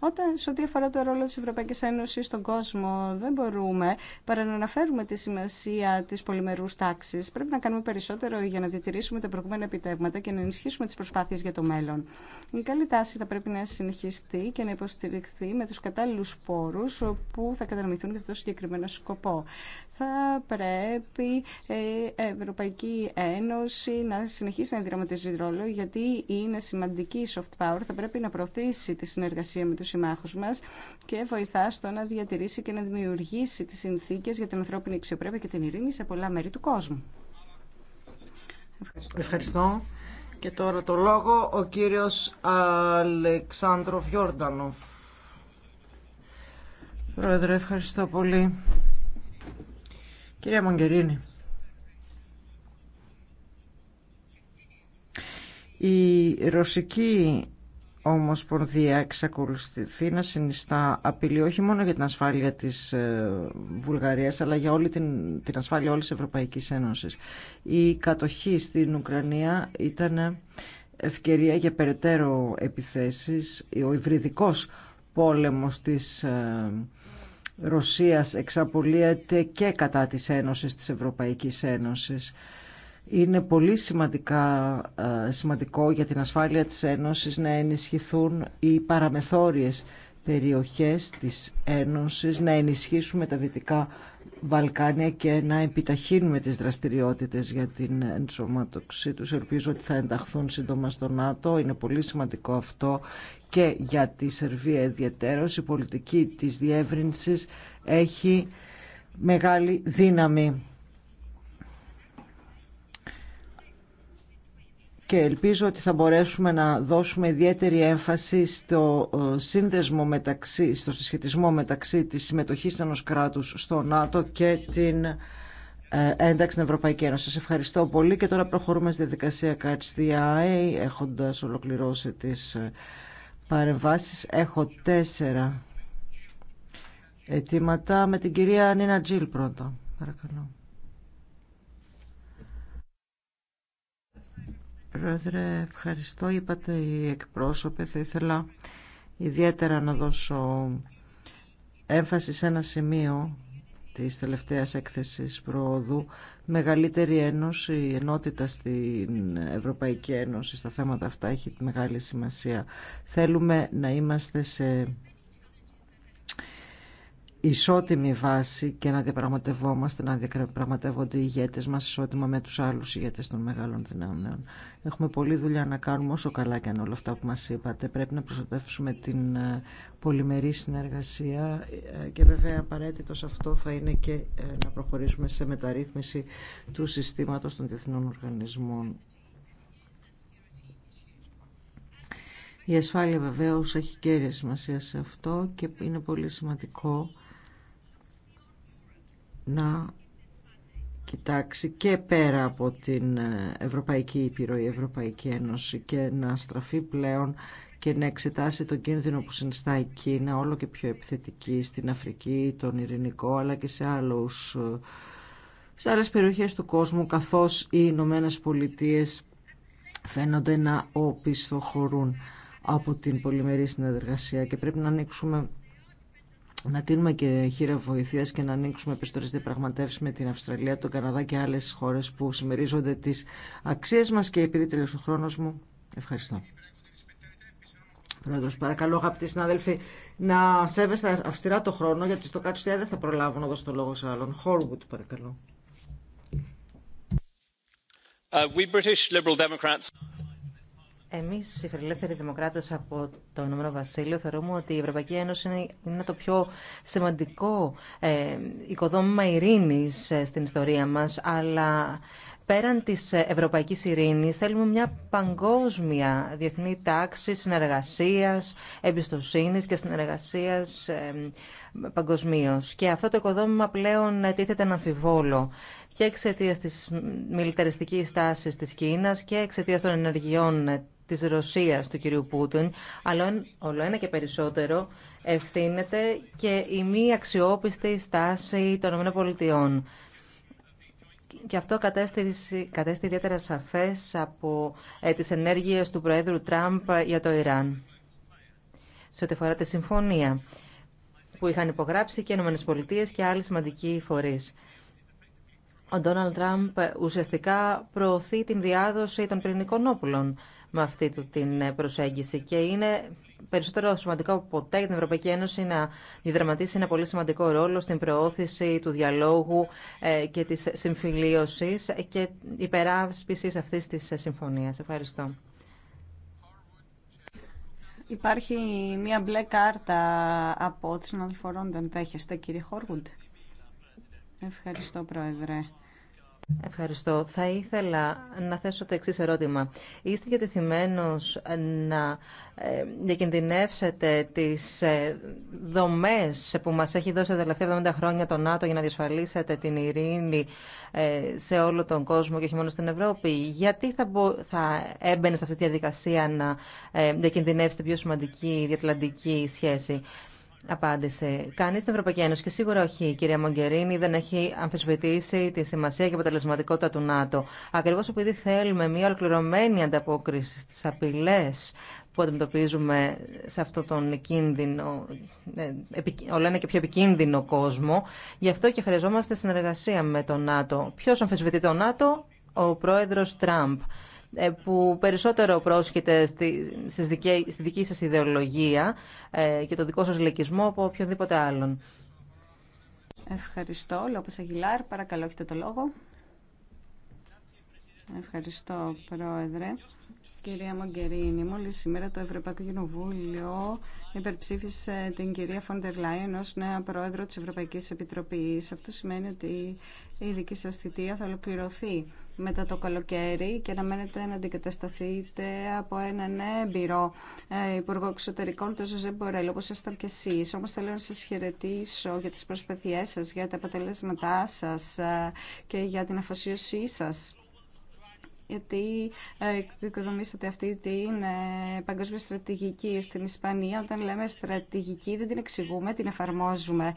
Όταν σε ό,τι αφορά το ρόλο της Ευρωπαϊκής Ένωσης στον κόσμο δεν μπορούμε παρά να αναφέρουμε τη σημασία της πολυμερούς τάξης. Πρέπει να κάνουμε περισσότερο για να διατηρήσουμε τα προηγούμενα επιτεύγματα και να ενισχύσουμε τις προσπάθειες για το μέλλον. Η καλή τάση θα πρέπει να συνεχιστεί και να υποστηριχθεί με τους κατάλληλους πόρους που θα κατανοηθούν για αυτό το συγκεκριμένο σκοπό θα πρέπει η ε, Ευρωπαϊκή Ένωση να συνεχίσει να δραματίζει ρόλο γιατί είναι σημαντική η soft power, θα πρέπει να προωθήσει τη συνεργασία με τους συμμάχους μας και βοηθά στο να διατηρήσει και να δημιουργήσει τις συνθήκες για την ανθρώπινη αξιοπρέπεια και την ειρήνη σε πολλά μέρη του κόσμου. Ευχαριστώ. Και τώρα το λόγο ο κύριος Αλεξάνδρο Βιόρντανοφ. Πρόεδρε, ευχαριστώ πολύ. Κυρία Μογκερίνη, η ρωσική Ομοσπονδία εξακολουθεί να συνιστά απειλή όχι μόνο για την ασφάλεια της ε, Βουλγαρίας αλλά για όλη την, την ασφάλεια όλης της Ευρωπαϊκής Ένωσης. Η κατοχή στην Ουκρανία ήταν ευκαιρία για περαιτέρω επιθέσεις. Ο υβριδικός πόλεμος της ε, Ρωσίας εξαπολύεται και κατά της Ένωσης, της Ευρωπαϊκής Ένωσης. Είναι πολύ σημαντικά, ε, σημαντικό για την ασφάλεια της Ένωσης να ενισχυθούν οι παραμεθόριες περιοχές της Ένωσης, να ενισχύσουμε τα δυτικά Βαλκάνια και να επιταχύνουμε τις δραστηριότητες για την ενσωματωξή τους. Ελπίζω ότι θα ενταχθούν σύντομα στο ΝΑΤΟ. Είναι πολύ σημαντικό αυτό και για τη Σερβία ιδιαίτερως. Η πολιτική της διεύρυνσης έχει μεγάλη δύναμη. και ελπίζω ότι θα μπορέσουμε να δώσουμε ιδιαίτερη έμφαση στο ε, σύνδεσμο μεταξύ, στο συσχετισμό μεταξύ της συμμετοχής ενός κράτους στο ΝΑΤΟ και την ε, ένταξη στην Ευρωπαϊκή Ένωση. Σας ευχαριστώ πολύ και τώρα προχωρούμε στη διαδικασία Catch the έχοντας ολοκληρώσει τις ε, παρεμβάσεις. Έχω τέσσερα αιτήματα με την κυρία Νίνα Τζιλ πρώτα. Παρακαλώ. Πρόεδρε, ευχαριστώ. Είπατε οι εκπρόσωπε. Θα ήθελα ιδιαίτερα να δώσω έμφαση σε ένα σημείο της τελευταίας έκθεσης προόδου μεγαλύτερη ένωση, η ενότητα στην Ευρωπαϊκή Ένωση στα θέματα αυτά έχει μεγάλη σημασία. Θέλουμε να είμαστε σε ισότιμη βάση και να διαπραγματευόμαστε, να διαπραγματεύονται οι ηγέτες μας ισότιμα με τους άλλους ηγέτες των μεγάλων δυνάμεων. Έχουμε πολλή δουλειά να κάνουμε όσο καλά και αν όλα αυτά που μας είπατε. Πρέπει να προστατεύσουμε την ε, πολυμερή συνεργασία ε, και βέβαια απαραίτητο αυτό θα είναι και ε, να προχωρήσουμε σε μεταρρύθμιση του συστήματος των διεθνών οργανισμών. Η ασφάλεια βεβαίως έχει κέρια σημασία σε αυτό και είναι πολύ σημαντικό να κοιτάξει και πέρα από την Ευρωπαϊκή Ήπειρο η Ευρωπαϊκή Ένωση και να στραφεί πλέον και να εξετάσει τον κίνδυνο που συνιστά η Κίνα όλο και πιο επιθετική στην Αφρική, τον Ειρηνικό αλλά και σε, άλλους, σε άλλες περιοχές του κόσμου καθώς οι Ηνωμένε Πολιτείε φαίνονται να οπισθοχωρούν από την πολυμερή συνεργασία και πρέπει να ανοίξουμε να τίνουμε και χείρα βοηθεία και να ανοίξουμε επιστολέ διαπραγματεύσει με την Αυστραλία, τον Καναδά και άλλε χώρε που συμμερίζονται τι αξίε μα και επειδή τελείωσε ο χρόνο μου. Ευχαριστώ. Πρόεδρος, παρακαλώ αγαπητοί συνάδελφοι να σέβεστε αυστηρά το χρόνο γιατί στο κάτω δεν θα προλάβω να δώσω το λόγο σε άλλον. παρακαλώ. Uh, we Εμεί, οι φιλελεύθεροι δημοκράτε από το Ηνωμένο Βασίλειο θεωρούμε ότι η Ευρωπαϊκή Ένωση είναι, το πιο σημαντικό ε, οικοδόμημα ειρήνης ε, στην ιστορία μας, αλλά πέραν της Ευρωπαϊκή ειρήνης θέλουμε μια παγκόσμια διεθνή τάξη συνεργασία, εμπιστοσύνη και συνεργασία ε, παγκοσμίω. Και αυτό το οικοδόμημα πλέον τίθεται να αμφιβόλο και εξαιτία τη μιλιταριστική τάση τη Κίνα και εξαιτία των ενεργειών τη Ρωσία του κυρίου Πούτιν, αλλά όλο ένα και περισσότερο ευθύνεται και η μη αξιόπιστη στάση των ΗΠΑ. Και αυτό κατέστη ιδιαίτερα σαφές από ε, τις ενέργειες του Προέδρου Τραμπ για το Ιράν. Σε ό,τι αφορά τη συμφωνία που είχαν υπογράψει και οι ΗΠΑ και άλλοι σημαντικοί φορείς. Ο Ντόναλτ Τραμπ ουσιαστικά προωθεί την διάδοση των πυρηνικών όπλων με αυτή του την ε, προσέγγιση και είναι περισσότερο σημαντικό από ποτέ για την Ευρωπαϊκή Ένωση να διδραματίσει ένα πολύ σημαντικό ρόλο στην προώθηση του διαλόγου ε, και της συμφιλίωσης και υπεράσπισης αυτής της συμφωνίας. Ευχαριστώ. Υπάρχει μία μπλε κάρτα από τις συναδελφορών, δεν Δέχεστε, κύριε Χόργουντ. Ευχαριστώ, Πρόεδρε. Ευχαριστώ. Θα ήθελα να θέσω το εξή ερώτημα. Είστε διατεθειμένος να ε, διακινδυνεύσετε τις ε, δομές που μας έχει δώσει τα τελευταία 70 χρόνια το ΝΑΤΟ για να διασφαλίσετε την ειρήνη ε, σε όλο τον κόσμο και όχι μόνο στην Ευρώπη. Γιατί θα, θα έμπαινε σε αυτή τη διαδικασία να διακινδυνεύσετε πιο σημαντική διατλαντική σχέση απάντηση. Κανεί στην Ευρωπαϊκή Ένωση και σίγουρα όχι η κυρία Μογκερίνη δεν έχει αμφισβητήσει τη σημασία και αποτελεσματικότητα του ΝΑΤΟ. Ακριβώ επειδή θέλουμε μια ολοκληρωμένη ανταπόκριση στι απειλέ που αντιμετωπίζουμε σε αυτόν τον κίνδυνο, όλα ε, και πιο επικίνδυνο κόσμο, γι' αυτό και χρειαζόμαστε συνεργασία με το ΝΑΤΟ. Ποιο αμφισβητεί το ΝΑΤΟ, ο πρόεδρο Τραμπ. Ε, που περισσότερο πρόσχεται στη, στη δική σας ιδεολογία ε, και το δικό σας λεκισμό από οποιοδήποτε άλλον. Ευχαριστώ. Λόπες Αγγιλάρ, παρακαλώ έχετε το λόγο. Ευχαριστώ, Πρόεδρε. Κυρία Μογκερίνη, μόλις σήμερα το Ευρωπαϊκό Κοινοβούλιο υπερψήφισε την κυρία Φόντερ Λάιεν ως νέα πρόεδρο της Ευρωπαϊκής Επιτροπής. Αυτό σημαίνει ότι η δική σας θητεία θα ολοκληρωθεί μετά το καλοκαίρι και να μένετε να αντικατασταθείτε από έναν έμπειρο ε, Υπουργό Εξωτερικών, τον Ζωζέ Μπορέλ, όπω ήσασταν και εσεί. Όμω θέλω να σα χαιρετήσω για τι προσπαθίε σα, για τα αποτελέσματά σας ε, και για την αφοσίωσή σα. γιατί ε, οικοδομήσατε αυτή την παγκόσμια στρατηγική στην Ισπανία. Όταν λέμε στρατηγική δεν την εξηγούμε, την εφαρμόζουμε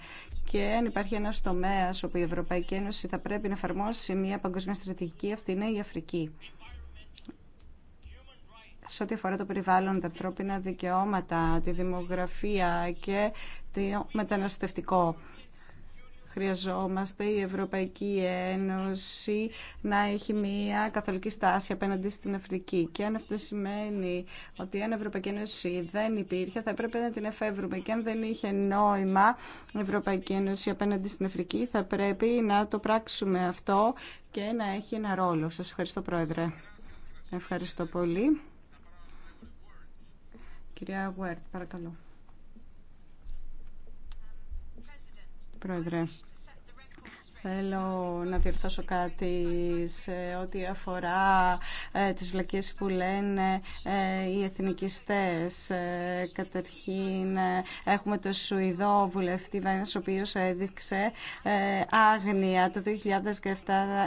και αν υπάρχει ένα τομέα όπου η Ευρωπαϊκή Ένωση θα πρέπει να εφαρμόσει μια παγκόσμια στρατηγική, αυτή είναι η Αφρική. Σε ό,τι αφορά το περιβάλλον, τα ανθρώπινα δικαιώματα, τη δημογραφία και το μεταναστευτικό. Χρειαζόμαστε η Ευρωπαϊκή Ένωση να έχει μια καθολική στάση απέναντι στην Αφρική. Και αν αυτό σημαίνει ότι αν η Ευρωπαϊκή Ένωση δεν υπήρχε, θα έπρεπε να την εφεύρουμε. Και αν δεν είχε νόημα η Ευρωπαϊκή Ένωση απέναντι στην Αφρική, θα πρέπει να το πράξουμε αυτό και να έχει ένα ρόλο. Σας ευχαριστώ, Πρόεδρε. Ευχαριστώ πολύ. Κυρία Γουέρτ, παρακαλώ. Πρόεδρε. Θέλω να διορθώσω κάτι σε ό,τι αφορά ε, τις βλακίες που λένε ε, οι εθνικιστές. Ε, καταρχήν ε, έχουμε το Σουηδό βουλευτή Βένας, ο οποίος έδειξε άγνοια. Το 2017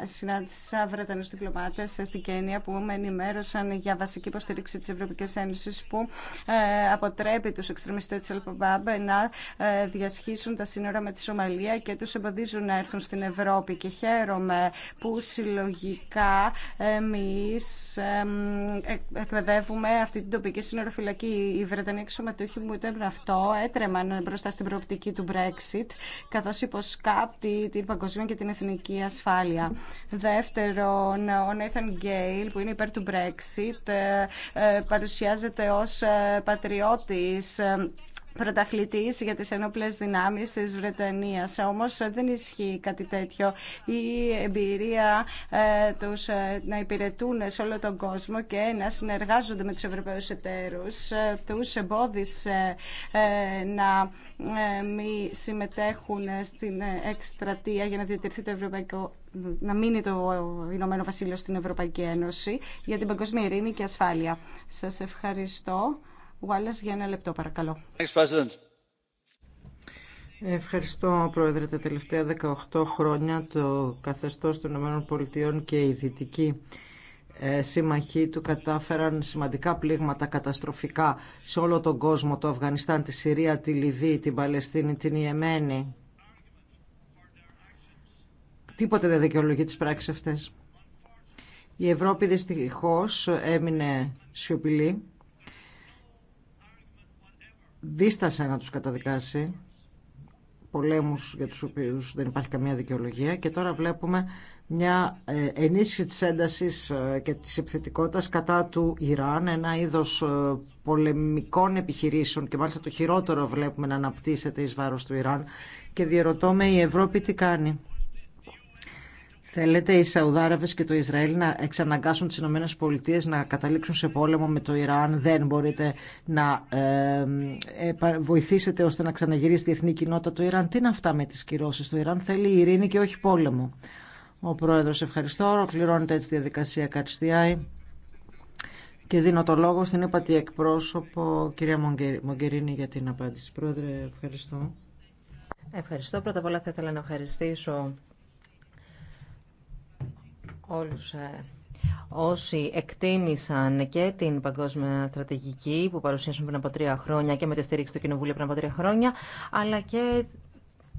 συνάντησα Βρετανούς διπλωμάτες στην Κένια που με ενημέρωσαν για βασική υποστήριξη της Ευρωπαϊκής Ένωσης που αποτρέπει τους εξτρεμιστές της να διασχίσουν τα σύνορα με τη Σομαλία και τους εμποδίζουν να έρθουν στην Ευρώπη και χαίρομαι που συλλογικά εμείς εκπαιδεύουμε αυτή την τοπική συνοροφυλακή. Η Βρετανοί εξωματούχοι μου ήταν αυτό, έτρεμαν μπροστά στην προοπτική του Brexit, καθώς υποσκάπτει την παγκοσμία και την εθνική ασφάλεια. Δεύτερον, ο Νέιθαν Γκέιλ, που είναι υπέρ του Brexit, ε, ε, παρουσιάζεται ως ε, πατριώτης πρωταθλητής για τις ενόπλες δυνάμεις της Βρετανίας. Όμως ε, δεν ισχύει κάτι τέτοιο. Η εμπειρία ε, τους ε, να υπηρετούν σε όλο τον κόσμο και να συνεργάζονται με τους Ευρωπαίους εταίρους ε, τους εμπόδισε ε, να μη συμμετέχουν στην εκστρατεία για να διατηρηθεί το ευρωπαϊκό να μείνει το Ηνωμένο Βασίλειο στην Ευρωπαϊκή Ένωση για την παγκοσμία ειρήνη και ασφάλεια. Σας ευχαριστώ για ένα λεπτό παρακαλώ. Ευχαριστώ, Πρόεδρε. Τα τελευταία 18 χρόνια το καθεστώς των ΗΠΑ και η Δυτική ε, συμμαχοί του κατάφεραν σημαντικά πλήγματα καταστροφικά σε όλο τον κόσμο, το Αφγανιστάν, τη Συρία, τη Λιβύη, την Παλαιστίνη, την Ιεμένη. Τίποτε δεν δικαιολογεί τις πράξεις αυτές. Η Ευρώπη δυστυχώς έμεινε σιωπηλή δίστασε να τους καταδικάσει πολέμους για τους οποίους δεν υπάρχει καμία δικαιολογία και τώρα βλέπουμε μια ε, ενίσχυση της έντασης ε, και της επιθετικότητας κατά του Ιράν, ένα είδος ε, πολεμικών επιχειρήσεων και μάλιστα το χειρότερο βλέπουμε να αναπτύσσεται εις βάρος του Ιράν και διερωτώ με η Ευρώπη τι κάνει. Θέλετε οι Σαουδάραβες και το Ισραήλ να εξαναγκάσουν τις Ηνωμένες Πολιτείες να καταλήξουν σε πόλεμο με το Ιράν. Δεν μπορείτε να ε, ε, βοηθήσετε ώστε να ξαναγυρίσει η εθνική κοινότητα του Ιράν. Τι είναι αυτά με τις κυρώσεις. του Ιράν θέλει ειρήνη και όχι πόλεμο. Ο Πρόεδρος ευχαριστώ. Ολοκληρώνεται έτσι τη διαδικασία Καρστιάη. Και δίνω το λόγο στην έπατη εκπρόσωπο, κυρία Μογκερίνη, για την απάντηση. Πρόεδρε, ευχαριστώ. Ευχαριστώ. Πρώτα απ' όλα θα ήθελα να ευχαριστήσω όλους ε, όσοι εκτίμησαν και την παγκόσμια στρατηγική που παρουσίασαν πριν από τρία χρόνια και με τη στήριξη του Κοινοβουλίου πριν από τρία χρόνια, αλλά και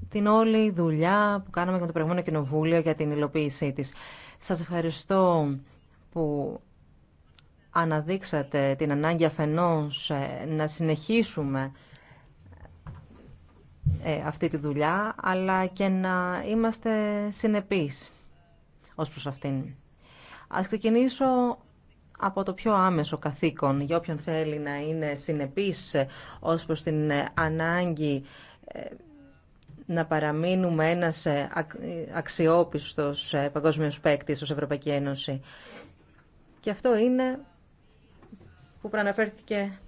την όλη δουλειά που κάναμε με το προηγούμενο Κοινοβούλιο για την υλοποίησή της. Σας ευχαριστώ που αναδείξατε την ανάγκη αφενός ε, να συνεχίσουμε ε, αυτή τη δουλειά, αλλά και να είμαστε συνεπείς ως προς αυτήν. Ας ξεκινήσω από το πιο άμεσο καθήκον για όποιον θέλει να είναι συνεπής ως προς την ανάγκη ε, να παραμείνουμε ένας ε, ε, αξιόπιστος παγκόσμιος παίκτη ως Ευρωπαϊκή Ένωση. Και αυτό είναι που προαναφέρθηκε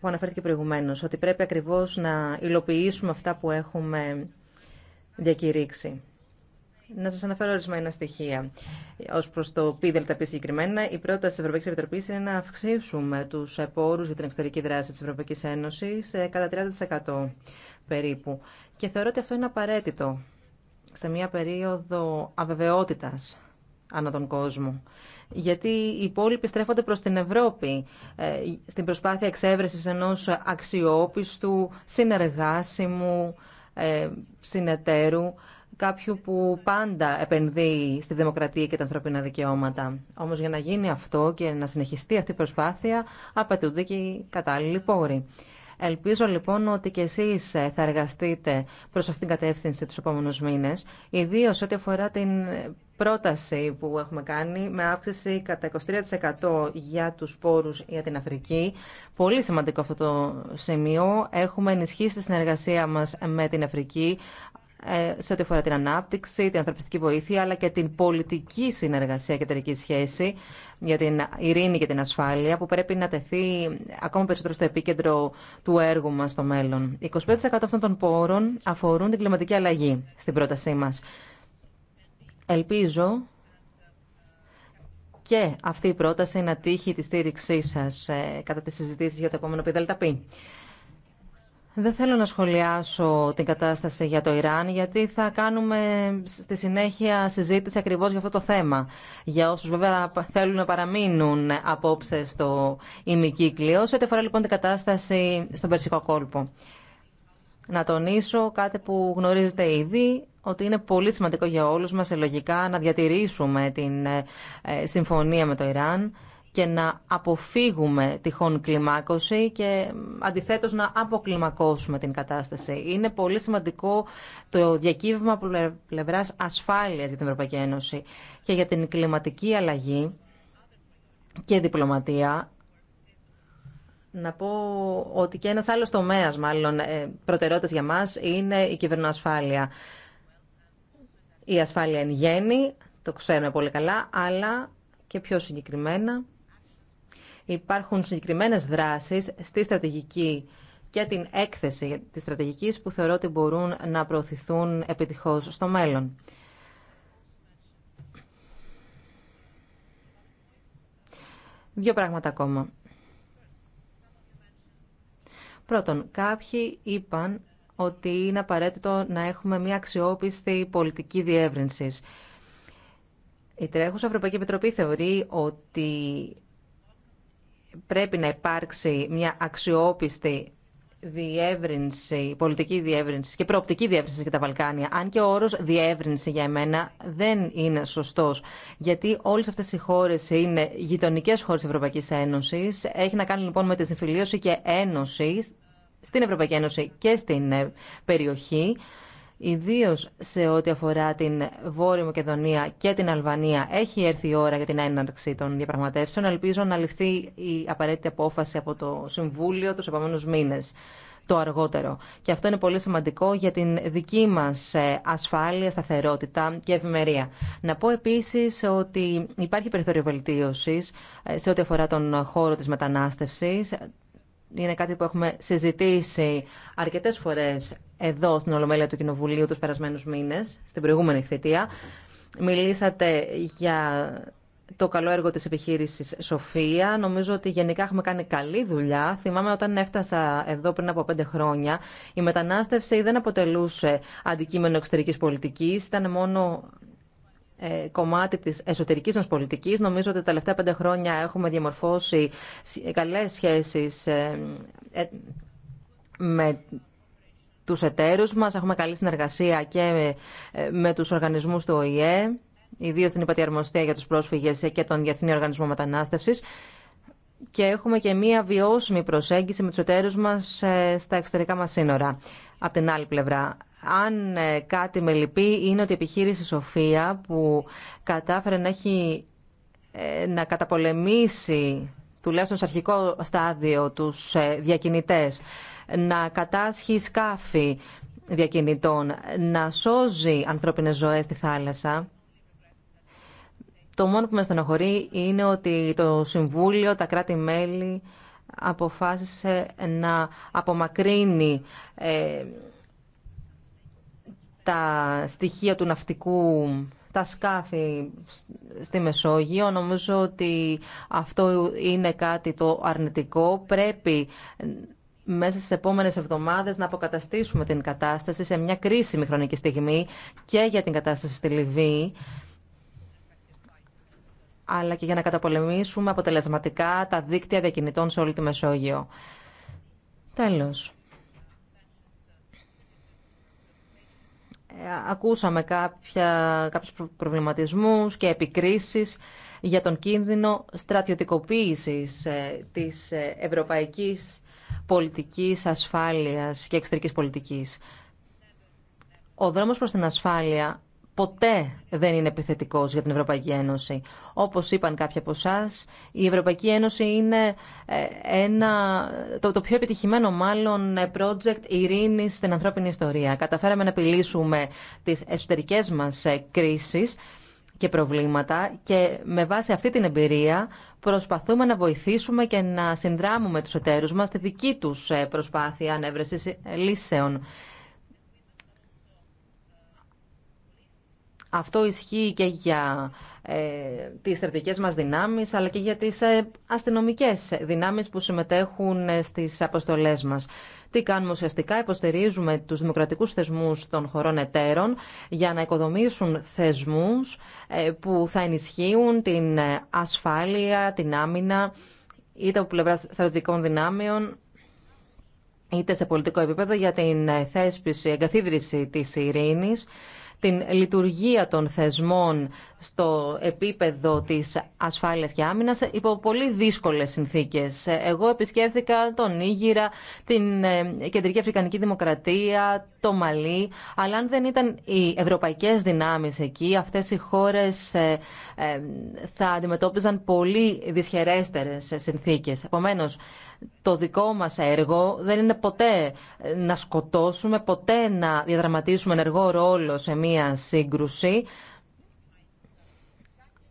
που αναφέρθηκε προηγουμένως, ότι πρέπει ακριβώς να υλοποιήσουμε αυτά που έχουμε διακηρύξει. Να σα αναφέρω ορισμένα στοιχεία. Ω προ το ΠΔΠ συγκεκριμένα, η πρόταση τη Ευρωπαϊκή Επιτροπή είναι να αυξήσουμε του πόρου για την εξωτερική δράση τη Ευρωπαϊκή Ένωση ε, κατά 30% περίπου. Και θεωρώ ότι αυτό είναι απαραίτητο σε μια περίοδο αβεβαιότητα ανά τον κόσμο. Γιατί οι υπόλοιποι στρέφονται προς την Ευρώπη ε, στην προσπάθεια εξέβρεσης ενός αξιόπιστου, συνεργάσιμου ε, συνεταίρου κάποιου που πάντα επενδύει στη δημοκρατία και τα ανθρωπίνα δικαιώματα. Όμω για να γίνει αυτό και να συνεχιστεί αυτή η προσπάθεια απαιτούνται και οι κατάλληλοι πόροι. Ελπίζω λοιπόν ότι και εσείς θα εργαστείτε προς αυτήν την κατεύθυνση τους επόμενους μήνες, ιδίως ό,τι αφορά την πρόταση που έχουμε κάνει με αύξηση κατά 23% για τους πόρους για την Αφρική. Πολύ σημαντικό αυτό το σημείο. Έχουμε ενισχύσει τη συνεργασία μας με την Αφρική ε, σε ό,τι αφορά την ανάπτυξη, την ανθρωπιστική βοήθεια, αλλά και την πολιτική συνεργασία και εταιρική σχέση για την ειρήνη και την ασφάλεια, που πρέπει να τεθεί ακόμα περισσότερο στο επίκεντρο του έργου μας στο μέλλον. 25% αυτών των πόρων αφορούν την κλιματική αλλαγή στην πρότασή μας. Ελπίζω και αυτή η πρόταση να τύχει τη στήριξή σας ε, κατά τις συζητήσεις για το επόμενο ΠΔΛΤΑΠΗ. Δεν θέλω να σχολιάσω την κατάσταση για το Ιράν, γιατί θα κάνουμε στη συνέχεια συζήτηση ακριβώς για αυτό το θέμα. Για όσους βέβαια θέλουν να παραμείνουν απόψε στο ημικύκλιο, σε ό,τι αφορά λοιπόν την κατάσταση στον Περσικό κόλπο. Να τονίσω κάτι που γνωρίζετε ήδη, ότι είναι πολύ σημαντικό για όλους μας, ελογικά να διατηρήσουμε την ε, συμφωνία με το Ιράν και να αποφύγουμε τυχόν κλιμάκωση και αντιθέτως να αποκλιμακώσουμε την κατάσταση. Είναι πολύ σημαντικό το διακύβημα από πλευράς ασφάλειας για την Ευρωπαϊκή Ένωση και για την κλιματική αλλαγή και διπλωματία. Να πω ότι και ένας άλλος τομέας, μάλλον, ε, προτεραιότητας για μας είναι η κυβερνοασφάλεια. Η ασφάλεια εν γέννη, το ξέρουμε πολύ καλά, αλλά και πιο συγκεκριμένα Υπάρχουν συγκεκριμένες δράσεις στη στρατηγική και την έκθεση της στρατηγικής που θεωρώ ότι μπορούν να προωθηθούν επιτυχώς στο μέλλον. Δύο πράγματα ακόμα. Πρώτον, κάποιοι είπαν ότι είναι απαραίτητο να έχουμε μια αξιόπιστη πολιτική διεύρυνση. Η τρέχουσα Ευρωπαϊκή Επιτροπή θεωρεί ότι πρέπει να υπάρξει μια αξιόπιστη διεύρυνση, πολιτική διεύρυνση και προοπτική διεύρυνση για τα Βαλκάνια. Αν και ο όρος διεύρυνση για εμένα δεν είναι σωστός, γιατί όλες αυτές οι χώρες είναι γειτονικέ χώρες της Ευρωπαϊκής Ένωσης. Έχει να κάνει λοιπόν με τη συμφιλίωση και ένωση στην Ευρωπαϊκή Ένωση και στην ε, περιοχή. Ιδίω σε ό,τι αφορά την Βόρεια Μακεδονία και την Αλβανία. Έχει έρθει η ώρα για την έναρξη των διαπραγματεύσεων. Ελπίζω να ληφθεί η απαραίτητη απόφαση από το Συμβούλιο του επόμενου μήνε το αργότερο. Και αυτό είναι πολύ σημαντικό για την δική μας ε, ασφάλεια, σταθερότητα και ευημερία. Να πω επίσης ότι υπάρχει περιθώριο βελτίωση ε, σε ό,τι αφορά τον χώρο τη μετανάστευση είναι κάτι που έχουμε συζητήσει αρκετέ φορέ εδώ στην Ολομέλεια του Κοινοβουλίου τους περασμένους μήνες, στην προηγούμενη θητεία. Μιλήσατε για το καλό έργο της επιχείρησης Σοφία. Νομίζω ότι γενικά έχουμε κάνει καλή δουλειά. Θυμάμαι όταν έφτασα εδώ πριν από πέντε χρόνια, η μετανάστευση δεν αποτελούσε αντικείμενο εξωτερικής πολιτικής, ήταν μόνο ε, κομμάτι της εσωτερικής μας πολιτικής. Νομίζω ότι τα τελευταία πέντε χρόνια έχουμε διαμορφώσει καλές σχέσεις ε, ε, με τους εταίρους μας. Έχουμε καλή συνεργασία και με τους οργανισμούς του ΟΗΕ, ιδίως την Υπατιαρμοστία για τους πρόσφυγες και τον Διεθνή Οργανισμό Μετανάστευσης. Και έχουμε και μία βιώσιμη προσέγγιση με τους εταίρους μας στα εξωτερικά μας σύνορα. Από την άλλη πλευρά, αν ε, κάτι με λυπεί είναι ότι η επιχείρηση Σοφία που κατάφερε να έχει ε, να καταπολεμήσει τουλάχιστον στο αρχικό στάδιο τους ε, διακινητές, να κατάσχει σκάφη διακινητών, να σώζει ανθρώπινες ζωές στη θάλασσα. Το μόνο που με στενοχωρεί είναι ότι το Συμβούλιο, τα κράτη-μέλη αποφάσισε να απομακρύνει τα στοιχεία του ναυτικού, τα σκάφη στη Μεσόγειο. Νομίζω ότι αυτό είναι κάτι το αρνητικό. Πρέπει μέσα στις επόμενες εβδομάδες να αποκαταστήσουμε την κατάσταση σε μια κρίσιμη χρονική στιγμή και για την κατάσταση στη Λιβύη αλλά και για να καταπολεμήσουμε αποτελεσματικά τα δίκτυα διακινητών σε όλη τη Μεσόγειο. Τέλος. Ε, ακούσαμε κάποια, κάποιους προβληματισμούς και επικρίσεις για τον κίνδυνο στρατιωτικοποίησης ε, της ε, ευρωπαϊκής πολιτικής ασφάλειας και εξωτερικής πολιτικής. Ο δρόμος προς την ασφάλεια ποτέ δεν είναι επιθετικό για την Ευρωπαϊκή Ένωση. Όπω είπαν κάποιοι από εσά, η Ευρωπαϊκή Ένωση είναι ε, ένα, το, πιο επιτυχημένο μάλλον ε, project ειρήνη στην ανθρώπινη ιστορία. Καταφέραμε να επιλύσουμε τι εσωτερικέ μα ε, κρίσει και προβλήματα και με βάση αυτή την εμπειρία προσπαθούμε να βοηθήσουμε και να συνδράμουμε τους εταίρους μας στη δική τους προσπάθεια ανέβρεσης λύσεων. Αυτό ισχύει και για ε, τις στρατηγικές μας δυνάμεις, αλλά και για τις ε, αστυνομικές δυνάμεις που συμμετέχουν ε, στις αποστολές μας. Τι κάνουμε ουσιαστικά, υποστηρίζουμε τους δημοκρατικούς θεσμούς των χωρών εταίρων για να οικοδομήσουν θεσμούς ε, που θα ενισχύουν την ε, ασφάλεια, την άμυνα, είτε από πλευρά στρατιωτικών δυνάμεων, είτε σε πολιτικό επίπεδο για την θέσπιση, εγκαθίδρυση της ειρήνης, την λειτουργία των θεσμών στο επίπεδο της ασφάλειας και άμυνας υπό πολύ δύσκολες συνθήκες. Εγώ επισκέφθηκα τον Ήγυρα, την ε, Κεντρική Αφρικανική Δημοκρατία, το Μαλί, αλλά αν δεν ήταν οι ευρωπαϊκές δυνάμεις εκεί, αυτές οι χώρες ε, ε, θα αντιμετώπιζαν πολύ δυσχερέστερες συνθήκες. Επομένως, το δικό μας έργο δεν είναι ποτέ να σκοτώσουμε, ποτέ να διαδραματίσουμε ενεργό ρόλο καμία σύγκρουση.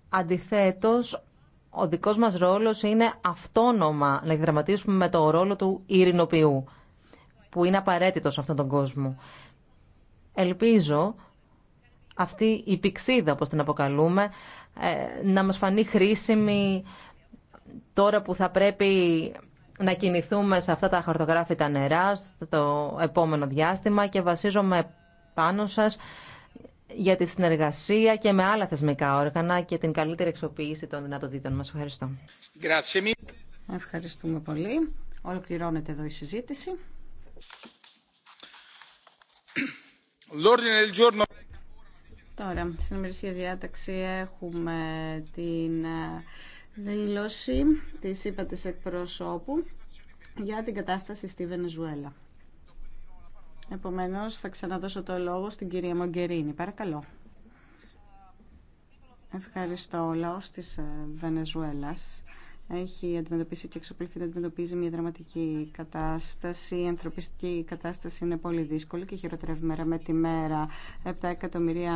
Αντιθέτως, ο δικός μας ρόλος είναι αυτόνομα να διδραματίσουμε με το ρόλο του ειρηνοποιού, που είναι απαραίτητο σε αυτόν τον κόσμο. Ελπίζω αυτή η πηξίδα, όπως την αποκαλούμε, ε, να μας φανεί χρήσιμη τώρα που θα πρέπει να κινηθούμε σε αυτά τα χαρτογράφητα νερά στο επόμενο διάστημα και βασίζομαι πάνω σας για τη συνεργασία και με άλλα θεσμικά όργανα και την καλύτερη εξοποίηση των δυνατοτήτων μας. Ευχαριστώ. Ευχαριστούμε πολύ. Ολοκληρώνεται εδώ η συζήτηση. Τώρα, στην ημερησία διάταξη έχουμε την ε, δήλωση της ύπατης εκπροσώπου για την κατάσταση στη Βενεζουέλα. Επομένως, θα ξαναδώσω το λόγο στην κυρία Μογκερίνη. Παρακαλώ. Ευχαριστώ. Ο λαός της ε, Βενεζουέλας έχει αντιμετωπίσει και εξοπλιστεί να αντιμετωπίζει μια δραματική κατάσταση. Η ανθρωπιστική κατάσταση είναι πολύ δύσκολη και χειροτερεύει μέρα με τη μέρα. 7 εκατομμύρια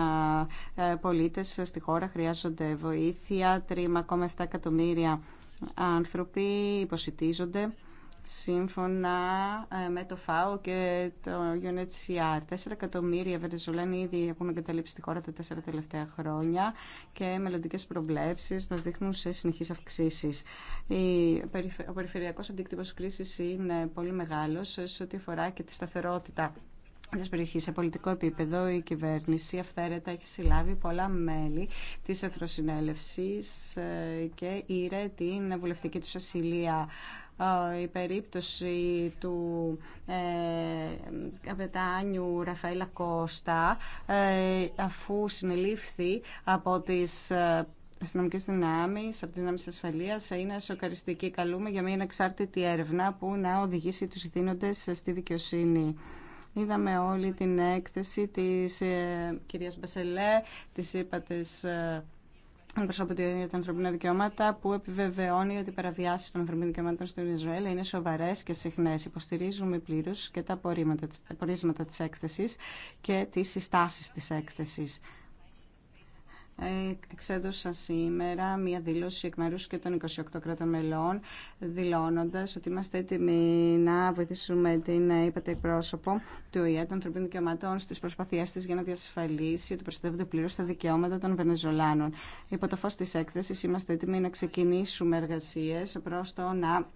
ε, πολίτε στη χώρα χρειάζονται βοήθεια. 3,7 εκατομμύρια άνθρωποι υποσυτίζονται σύμφωνα ε, με το ΦΑΟ και το UNHCR. 4 εκατομμύρια Βενεζολάνοι ήδη έχουν εγκαταλείψει τη χώρα τα τέσσερα τελευταία χρόνια και οι μελλοντικέ προβλέψει μα δείχνουν σε συνεχεί αυξήσει. Ο περιφερειακό αντίκτυπο κρίση είναι πολύ μεγάλο σε ό,τι αφορά και τη σταθερότητα τη περιοχή. Σε πολιτικό επίπεδο, η κυβέρνηση αυθαίρετα έχει συλλάβει πολλά μέλη τη Εθροσυνέλευση ε, και ήρε την βουλευτική του ασυλία η περίπτωση του ε, καπετάνιου Ραφαήλα Κώστα ε, αφού συνελήφθη από τις ε, αστυνομικέ δυνάμει, από τι δυνάμει ασφαλεία, είναι σοκαριστική. Καλούμε για μια εξάρτητη έρευνα που να οδηγήσει του ηθήνοντε στη δικαιοσύνη. Είδαμε όλη την έκθεση της ε, κυρίας Μπασελέ, της είπα Προσωπείται για τα ανθρωπίνα δικαιώματα που επιβεβαιώνει ότι οι παραβιάσει των ανθρωπίνων δικαιωμάτων στην Ισραήλ είναι σοβαρέ και συχνέ. Υποστηρίζουμε πλήρω και τα απορίσματα τη έκθεση και τι συστάσει τη έκθεση εξέδωσα σήμερα μία δήλωση εκ μέρους και των 28 κρατών μελών δηλώνοντας ότι είμαστε έτοιμοι να βοηθήσουμε την ε, είπατε πρόσωπο του ΙΕ των ανθρωπίνων δικαιωμάτων στις προσπαθίες της για να διασφαλίσει ότι προστατεύονται πλήρως τα δικαιώματα των Βενεζολάνων. Υπό το φως της έκθεσης είμαστε έτοιμοι να ξεκινήσουμε εργασίες προς το να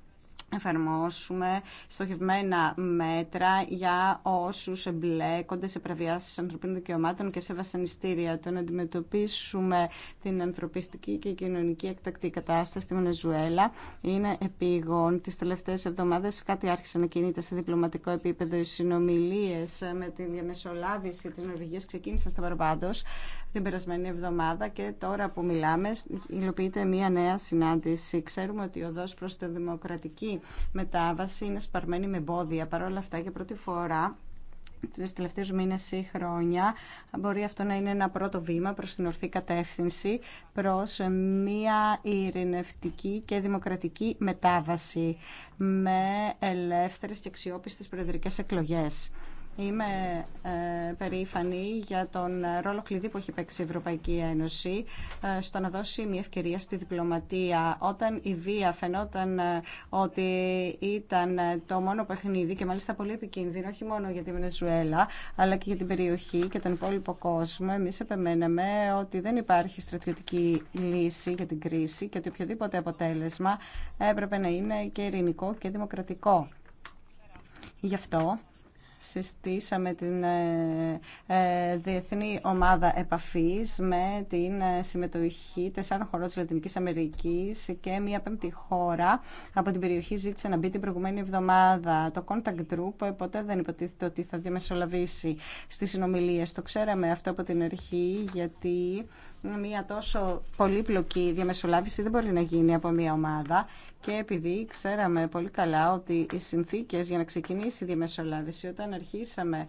εφαρμόσουμε στοχευμένα μέτρα για όσους εμπλέκονται σε πραβιάσεις ανθρωπίνων δικαιωμάτων και σε βασανιστήρια, το να αντιμετωπίσουμε την ανθρωπιστική και κοινωνική εκτακτή κατάσταση στη Βενεζουέλα είναι επίγον. Τις τελευταίες εβδομάδες κάτι άρχισε να κινείται σε διπλωματικό επίπεδο. Οι συνομιλίες με τη διαμεσολάβηση της Νορβηγίας ξεκίνησαν στα Βαρβάντος την περασμένη εβδομάδα και τώρα που μιλάμε υλοποιείται μία νέα συνάντηση. Ξέρουμε ότι ο δό προς τη δημοκρατική μετάβαση είναι σπαρμένη με εμπόδια. Παρ' όλα αυτά, για πρώτη φορά τις τελευταίε μήνες ή χρόνια μπορεί αυτό να είναι ένα πρώτο βήμα προ την ορθή κατεύθυνση προς μια ειρηνευτική και δημοκρατική μετάβαση με ελεύθερε και αξιόπιστε προεδρικές εκλογές. Είμαι ε, περήφανη για τον ρόλο κλειδί που έχει παίξει η Ευρωπαϊκή Ένωση ε, στο να δώσει μια ευκαιρία στη διπλωματία. Όταν η βία φαινόταν ε, ότι ήταν το μόνο παιχνίδι και μάλιστα πολύ επικίνδυνο, όχι μόνο για τη Βενεζουέλα, αλλά και για την περιοχή και τον υπόλοιπο κόσμο, εμεί επεμέναμε ότι δεν υπάρχει στρατιωτική λύση για την κρίση και ότι οποιοδήποτε αποτέλεσμα έπρεπε να είναι και ειρηνικό και δημοκρατικό. Γι' αυτό συστήσαμε την ε, ε, Διεθνή Ομάδα Επαφής με την ε, συμμετοχή τεσσάρων χωρών της Λατινικής Αμερικής και μια πέμπτη χώρα από την περιοχή ζήτησε να μπει την προηγουμένη εβδομάδα. Το Contact Group ποτέ δεν υποτίθεται ότι θα διαμεσολαβήσει στις συνομιλίες. Το ξέραμε αυτό από την αρχή γιατί μια τόσο πολύπλοκη διαμεσολάβηση δεν μπορεί να γίνει από μια ομάδα και επειδή ξέραμε πολύ καλά ότι οι συνθήκες για να ξεκινήσει η διαμεσολάβηση όταν αρχίσαμε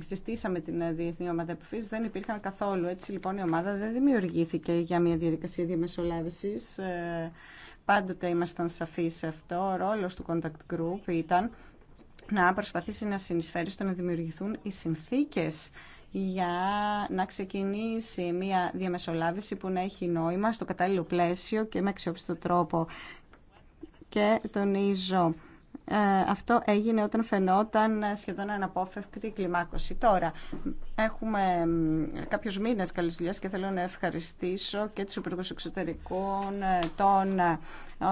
συστήσαμε την Διεθνή Ομάδα Επαφή, δεν υπήρχαν καθόλου. Έτσι λοιπόν η ομάδα δεν δημιουργήθηκε για μια διαδικασία διαμεσολάβηση. Ε, πάντοτε ήμασταν σαφείς σε αυτό. Ο ρόλο του Contact Group ήταν να προσπαθήσει να συνεισφέρει στο να δημιουργηθούν οι συνθήκες για να ξεκινήσει μια διαμεσολάβηση που να έχει νόημα στο κατάλληλο πλαίσιο και με αξιόπιστο τρόπο. Και τονίζω, ε, αυτό έγινε όταν φαινόταν σχεδόν αναπόφευκτη κλιμάκωση. Τώρα, έχουμε κάποιους μήνες καλής δουλειάς και θέλω να ευχαριστήσω και τους Υπουργούς Εξωτερικών ε, των ε,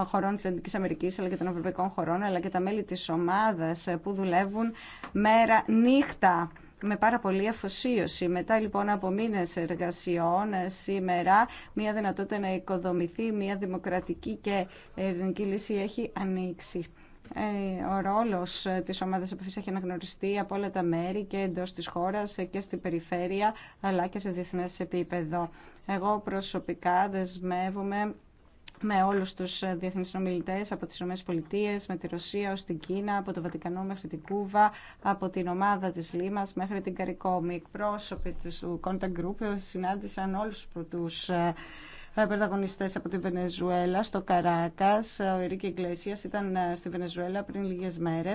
χωρών της Ελληνικής Αμερικής αλλά και των Ευρωπαϊκών χωρών αλλά και τα μέλη της ομάδας που δουλεύουν μέρα νύχτα με πάρα πολλή αφοσίωση. Μετά λοιπόν από μήνες εργασιών ε, σήμερα μια δυνατότητα να οικοδομηθεί μια δημοκρατική και ελληνική λύση έχει ανοίξει. Ε, ο ρόλος ε, της ομάδας επαφής έχει αναγνωριστεί από όλα τα μέρη και εντός της χώρας και στην περιφέρεια αλλά και σε διεθνές επίπεδο. Εγώ προσωπικά δεσμεύομαι με όλους τους ε, διεθνείς συνομιλητές από τις Ηνωμένες Πολιτείες, με τη Ρωσία ως την Κίνα, από το Βατικανό μέχρι την Κούβα, από την ομάδα της Λίμας μέχρι την Καρικόμη. Οι εκπρόσωποι της Contact Group συνάντησαν όλους τους ε, ε, πρωταγωνιστέ από τη Βενεζουέλα στο Καράκα. Ο Ερίκη Εγκλέσια ήταν στη Βενεζουέλα πριν λίγε μέρε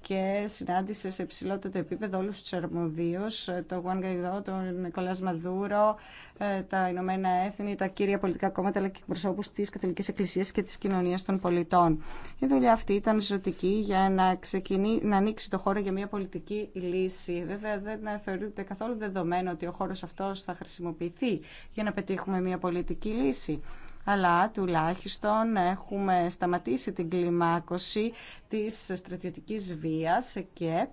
και συνάντησε σε υψηλότερο επίπεδο όλους τους αρμοδίους, το Γουάν Γαϊδό, τον Νικολάς Μαδούρο, ε, τα Ηνωμένα Έθνη, τα κύρια πολιτικά κόμματα, αλλά και προσώπους της Καθολικής Εκκλησίας και της κοινωνίας των πολιτών. Η δουλειά αυτή ήταν ζωτική για να, ξεκινεί, να ανοίξει το χώρο για μια πολιτική λύση. Βέβαια δεν θεωρείται καθόλου δεδομένο ότι ο χώρος αυτός θα χρησιμοποιηθεί για να πετύχουμε μια πολιτική λύση αλλά τουλάχιστον έχουμε σταματήσει την κλιμάκωση της στρατιωτικής βίας και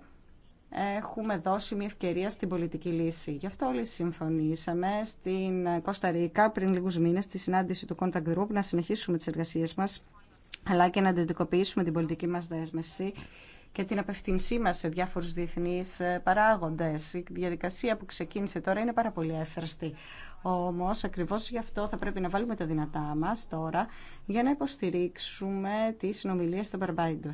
έχουμε δώσει μια ευκαιρία στην πολιτική λύση. Γι' αυτό όλοι συμφωνήσαμε στην Κωνσταντίνα πριν λίγους μήνες στη συνάντηση του Contact Group να συνεχίσουμε τις εργασίες μας αλλά και να αντιδικοποιήσουμε την πολιτική μας δέσμευση και την απευθυνσή μα σε διάφορου διεθνεί ε, παράγοντε. Η διαδικασία που ξεκίνησε τώρα είναι πάρα πολύ εύθραστη. Όμω, ακριβώ γι' αυτό θα πρέπει να βάλουμε τα δυνατά μα τώρα για να υποστηρίξουμε τι συνομιλίες στο Μπαρμπάιντο.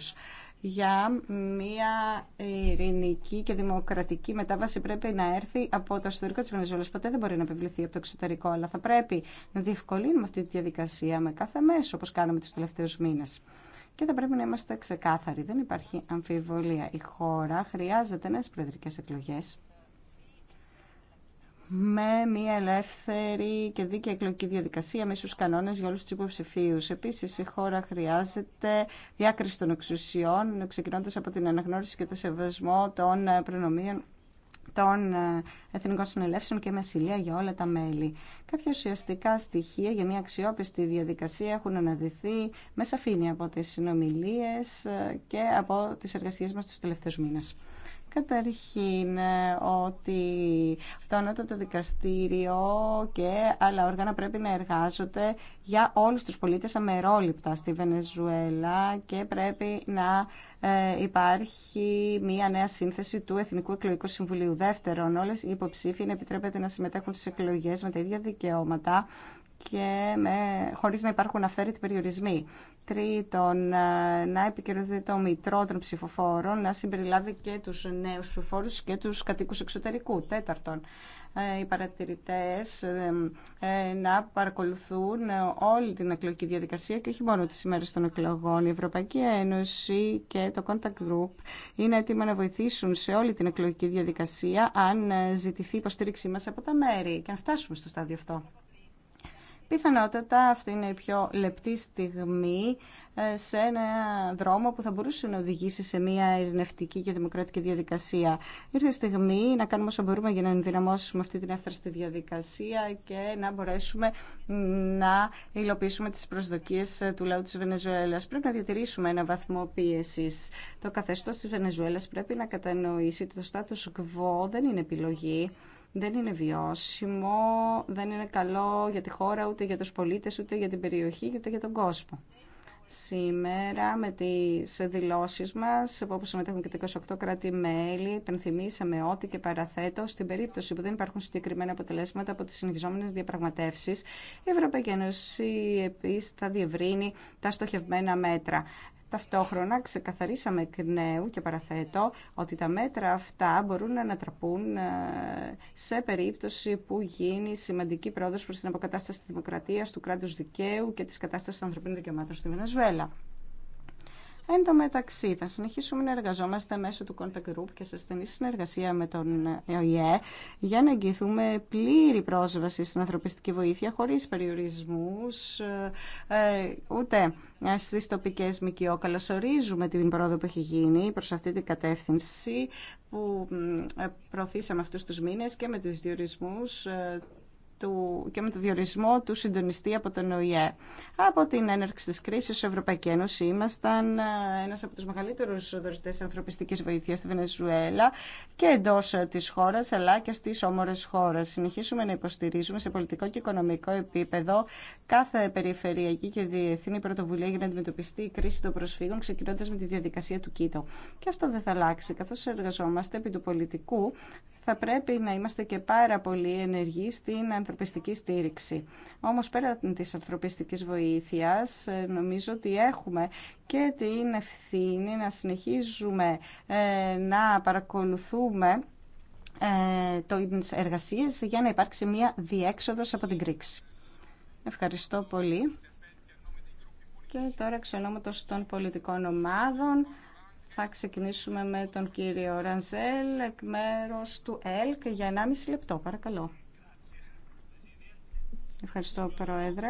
για μια ειρηνική και δημοκρατική μετάβαση πρέπει να έρθει από το εσωτερικό τη Βενεζουέλα. Ποτέ δεν μπορεί να επιβληθεί από το εξωτερικό, αλλά θα πρέπει να διευκολύνουμε αυτή τη διαδικασία με κάθε μέσο, όπω κάναμε του τελευταίου μήνε και θα πρέπει να είμαστε ξεκάθαροι. Δεν υπάρχει αμφιβολία. Η χώρα χρειάζεται νέες προεδρικές εκλογές με μια ελεύθερη και δίκαιη εκλογική διαδικασία με ίσους κανόνες για όλους τους υποψηφίου. Επίσης, η χώρα χρειάζεται διάκριση των εξουσιών, ξεκινώντας από την αναγνώριση και το σεβασμό των προνομίων των ε, Εθνικών Συνελεύσεων και με συλλεία για όλα τα μέλη. Κάποια ουσιαστικά στοιχεία για μια αξιόπιστη διαδικασία έχουν αναδειθεί με σαφήνεια από τις συνομιλίες ε, και από τις εργασίες μας τους τελευταίους μήνες. Καταρχήν ε, ότι το ανώτατο δικαστήριο και άλλα όργανα πρέπει να εργάζονται για όλους τους πολίτες αμερόληπτα στη Βενεζουέλα και πρέπει να ε, υπάρχει μια νέα σύνθεση του Εθνικού Εκλογικού Συμβουλίου. Δεύτερον, όλες οι υποψήφοι επιτρέπεται να συμμετέχουν στις εκλογές με τα ίδια δικαιώματα και με, χωρίς να υπάρχουν αυθαίρετοι περιορισμοί. Τρίτον, ε, να επικοινωνηθεί το μητρό των ψηφοφόρων, να συμπεριλάβει και τους νέους ψηφοφόρους και τους κατοίκους εξωτερικού. Τέταρτον, ε, οι παρατηρητές ε, να παρακολουθούν όλη την εκλογική διαδικασία και όχι μόνο τις ημέρες των εκλογών. Η Ευρωπαϊκή Ένωση και το Contact Group είναι έτοιμα να βοηθήσουν σε όλη την εκλογική διαδικασία αν ζητηθεί υποστήριξή μας από τα μέρη και να φτάσουμε στο στάδιο αυτό. Πιθανότατα αυτή είναι η πιο λεπτή στιγμή ε, σε ένα δρόμο που θα μπορούσε να οδηγήσει σε μια ειρηνευτική και δημοκρατική διαδικασία. Ήρθε η στιγμή να κάνουμε όσο μπορούμε για να ενδυναμώσουμε αυτή την εύθραστη διαδικασία και να μπορέσουμε να υλοποιήσουμε τις προσδοκίες ε, του λαού της Βενεζουέλας. Πρέπει να διατηρήσουμε ένα βαθμό πίεση. Το καθεστώς της Βενεζουέλας πρέπει να κατανοήσει ότι το status quo δεν είναι επιλογή δεν είναι βιώσιμο, δεν είναι καλό για τη χώρα, ούτε για τους πολίτες, ούτε για την περιοχή, ούτε για τον κόσμο. Σήμερα με τις δηλώσεις μας, όπως συμμετέχουν και τα 28 κράτη-μέλη, υπενθυμίσαμε ότι και παραθέτω, στην περίπτωση που δεν υπάρχουν συγκεκριμένα αποτελέσματα από τις συνεχιζόμενες διαπραγματεύσεις, η Ευρωπαϊκή Ένωση επίσης θα διευρύνει τα στοχευμένα μέτρα. Ταυτόχρονα ξεκαθαρίσαμε εκ νέου και παραθέτω ότι τα μέτρα αυτά μπορούν να ανατραπούν ε, σε περίπτωση που γίνει σημαντική πρόοδος προς την αποκατάσταση της δημοκρατίας, του κράτους δικαίου και της κατάστασης των ανθρωπίνων δικαιωμάτων στη Βενεζουέλα. Εν τω μεταξύ, θα συνεχίσουμε να εργαζόμαστε μέσω του Contact Group και σε στενή συνεργασία με τον ΟΗΕ για να εγγυηθούμε πλήρη πρόσβαση στην ανθρωπιστική βοήθεια χωρίς περιορισμούς, ε, ούτε ε, στι τοπικέ ΜΚΟ. Καλωσορίζουμε την πρόοδο που έχει γίνει προς αυτή την κατεύθυνση που ε, προωθήσαμε αυτού του μήνε και με του διορισμούς του, και με το διορισμό του συντονιστή από τον ΟΗΕ. Από την έναρξη της κρίσης, η Ευρωπαϊκή Ένωση ήμασταν ε, ένας από τους μεγαλύτερους δωρητές ανθρωπιστικής βοήθειας στη Βενεζουέλα και εντός ε, της χώρας αλλά και στις όμορες χώρες. Συνεχίσουμε να υποστηρίζουμε σε πολιτικό και οικονομικό επίπεδο κάθε περιφερειακή και διεθνή πρωτοβουλία για να αντιμετωπιστεί η κρίση των προσφύγων ξεκινώντας με τη διαδικασία του Κίτο. Και αυτό δεν θα αλλάξει καθώς εργαζόμαστε επί του πολιτικού θα πρέπει να είμαστε και πάρα πολύ ενεργοί στην ανθρωπιστική στήριξη. Όμως πέρα της ανθρωπιστικής βοήθειας νομίζω ότι έχουμε και την ευθύνη να συνεχίζουμε ε, να παρακολουθούμε ε, τις εργασίες για να υπάρξει μια διέξοδος από την κρίξη. Ευχαριστώ πολύ. Και τώρα εξ ονόματος των πολιτικών ομάδων θα ξεκινήσουμε με τον κύριο Ρανζέλ, εκ μέρους του ΕΛΚ, για 1,5 λεπτό, παρακαλώ. Ευχαριστώ, Πρόεδρε.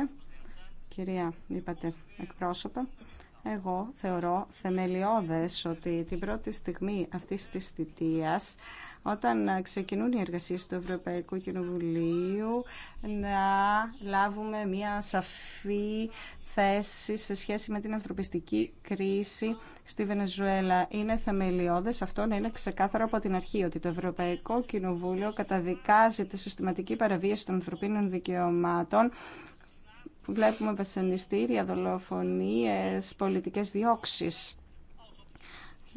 Κυρία, είπατε εκπρόσωπα. Εγώ θεωρώ θεμελιώδες ότι την πρώτη στιγμή αυτής της θητείας όταν ξεκινούν οι εργασίες του Ευρωπαϊκού Κοινοβουλίου να λάβουμε μια σαφή θέση σε σχέση με την ανθρωπιστική κρίση στη Βενεζουέλα. Είναι θεμελιώδες αυτό να είναι ξεκάθαρο από την αρχή ότι το Ευρωπαϊκό Κοινοβούλιο καταδικάζει τη συστηματική παραβίαση των ανθρωπίνων δικαιωμάτων βλέπουμε βασανιστήρια, δολοφονίες, πολιτικές διώξεις.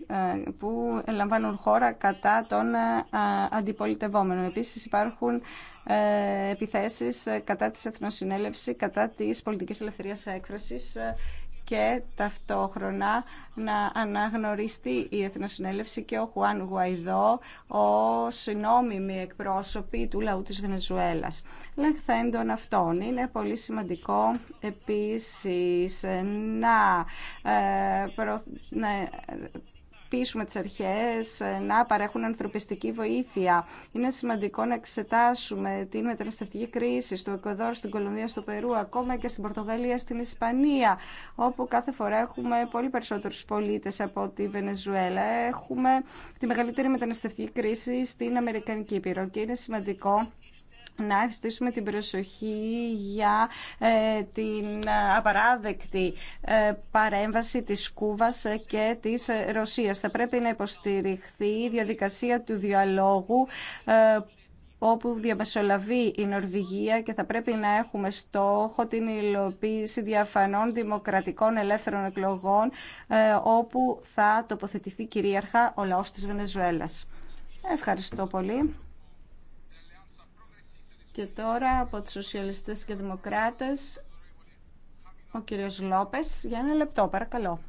Ε, που λαμβάνουν χώρα κατά των ε, αντιπολιτευόμενων. Επίσης υπάρχουν ε, επιθέσεις κατά της Εθνοσυνέλευση, κατά της πολιτικής ελευθερίας έκφρασης και ταυτόχρονα να αναγνωριστεί η Εθνοσυνέλευση και ο Χουάν Γουαϊδό ως συνόμιμη εκπρόσωποι του λαού της Βενεζουέλας. Λεχθέντων αυτών είναι πολύ σημαντικό επίσης να, προ... να πείσουμε τις αρχές ε, να παρέχουν ανθρωπιστική βοήθεια. Είναι σημαντικό να εξετάσουμε την μεταναστευτική κρίση στο Εκοδόρ, στην Κολονδία, στο Περού, ακόμα και στην Πορτογαλία, στην Ισπανία, όπου κάθε φορά έχουμε πολύ περισσότερους πολίτες από τη Βενεζουέλα. Έχουμε τη μεγαλύτερη μεταναστευτική κρίση στην Αμερικανική Ήπειρο και είναι σημαντικό να ευστήσουμε την προσοχή για ε, την απαράδεκτη ε, παρέμβαση της Κούβας και της Ρωσίας. Θα πρέπει να υποστηριχθεί η διαδικασία του διαλόγου ε, όπου διαμεσολαβεί η Νορβηγία και θα πρέπει να έχουμε στόχο την υλοποίηση διαφανών δημοκρατικών ελεύθερων εκλογών όπου θα τοποθετηθεί κυρίαρχα ο λαός της Βενεζουέλας. Ευχαριστώ πολύ. Και τώρα από τους σοσιαλιστές και δημοκράτες, ο κύριος Λόπες, για ένα λεπτό, παρακαλώ.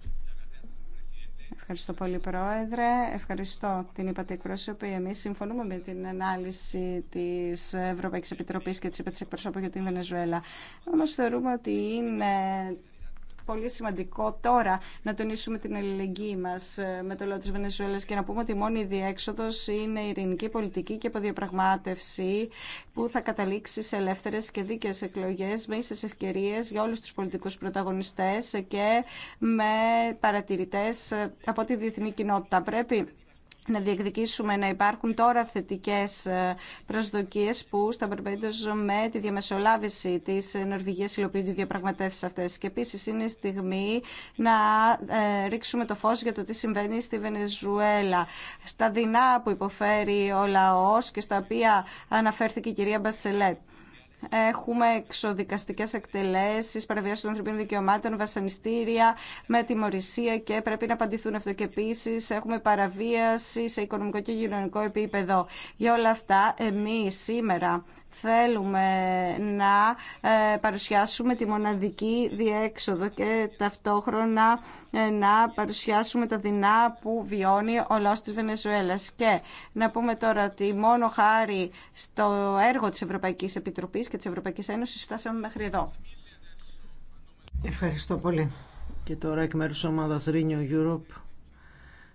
Ευχαριστώ πολύ, Πρόεδρε. Ευχαριστώ την είπατε εκπρόσωπη. Εμεί συμφωνούμε με την ανάλυση τη Ευρωπαϊκή Επιτροπή και τη είπατε εκπρόσωπη για την Βενεζουέλα. Όμω θεωρούμε ότι είναι πολύ σημαντικό τώρα να τονίσουμε την αλληλεγγύη μας ε, με το λαό τη Βενεζουέλας και να πούμε ότι η μόνη διέξοδος είναι η ειρηνική πολιτική και αποδιαπραγμάτευση που θα καταλήξει σε ελεύθερες και δίκαιε εκλογές με ίσες ευκαιρίες για όλους τους πολιτικούς πρωταγωνιστές και με παρατηρητές από τη διεθνή κοινότητα. Πρέπει να διεκδικήσουμε να υπάρχουν τώρα θετικές ε, προσδοκίες που στα με τη διαμεσολάβηση της Νορβηγίας υλοποιούνται οι διαπραγματεύσεις αυτές. Και επίσης είναι η στιγμή να ε, ρίξουμε το φως για το τι συμβαίνει στη Βενεζουέλα. Στα δεινά που υποφέρει ο λαός και στα οποία αναφέρθηκε η κυρία Μπασελέτ. Έχουμε εξοδικαστικέ εκτελέσει, παραβίαση των ανθρωπίνων δικαιωμάτων, βασανιστήρια με τιμωρησία και πρέπει να απαντηθούν αυτό. Και επίση έχουμε παραβίαση σε οικονομικό και κοινωνικό επίπεδο. Για όλα αυτά, εμεί σήμερα θέλουμε να ε, παρουσιάσουμε τη μοναδική διέξοδο και ταυτόχρονα ε, να παρουσιάσουμε τα δεινά που βιώνει ο λαός της Βενεζουέλας. Και να πούμε τώρα ότι μόνο χάρη στο έργο της Ευρωπαϊκής Επιτροπής και της Ευρωπαϊκής Ένωσης φτάσαμε μέχρι εδώ. Ευχαριστώ πολύ. Και τώρα εκ μέρους ομάδας Renew Europe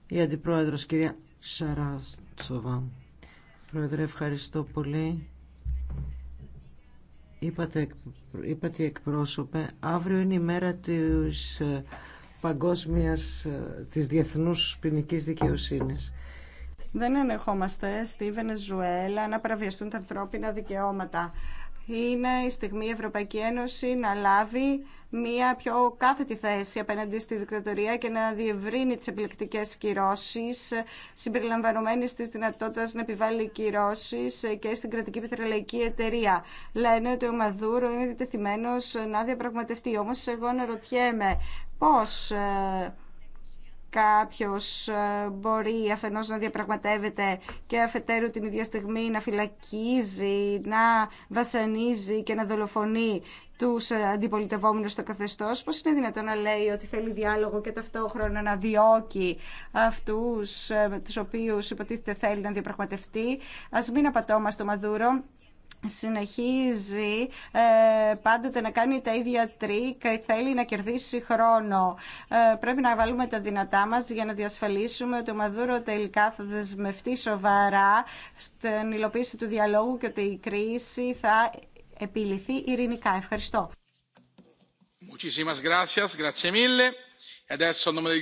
η Αντιπρόεδρος κυρία Σαράτσοβα. Πρόεδρε, ευχαριστώ πολύ είπατε, είπατε εκπρόσωπε, αύριο είναι η μέρα της ε, παγκόσμιας, ε, της διεθνούς ποινική δικαιοσύνης. Δεν ενεχόμαστε στη Βενεζουέλα να παραβιαστούν τα ανθρώπινα δικαιώματα. Είναι η στιγμή η Ευρωπαϊκή Ένωση να λάβει μια πιο κάθετη θέση απέναντι στη δικτατορία και να διευρύνει τις επιλεκτικές κυρώσεις, συμπεριλαμβανομένης τη δυνατότητα να επιβάλλει κυρώσεις και στην κρατική πετρελαϊκή εταιρεία. Λένε ότι ο Μαδούρο είναι διτεθειμένος να διαπραγματευτεί. Όμως εγώ αναρωτιέμαι πώς ε, κάποιος ε, μπορεί αφενός να διαπραγματεύεται και αφετέρου την ίδια στιγμή να φυλακίζει, να βασανίζει και να δολοφονεί τους ε, αντιπολιτευόμενους στο καθεστώς, πώς είναι δυνατόν να λέει ότι θέλει διάλογο και ταυτόχρονα να διώκει αυτούς ε, με τους οποίους υποτίθεται θέλει να διαπραγματευτεί. Ας μην απατώμαστε το Μαδούρο, συνεχίζει ε, πάντοτε να κάνει τα ίδια τρίκ και θέλει να κερδίσει χρόνο. Ε, πρέπει να βάλουμε τα δυνατά μας για να διασφαλίσουμε ότι ο Μαδούρο τελικά θα δεσμευτεί σοβαρά στην υλοποίηση του διαλόγου και ότι η κρίση θα επιληθεί ειρηνικά. Ευχαριστώ.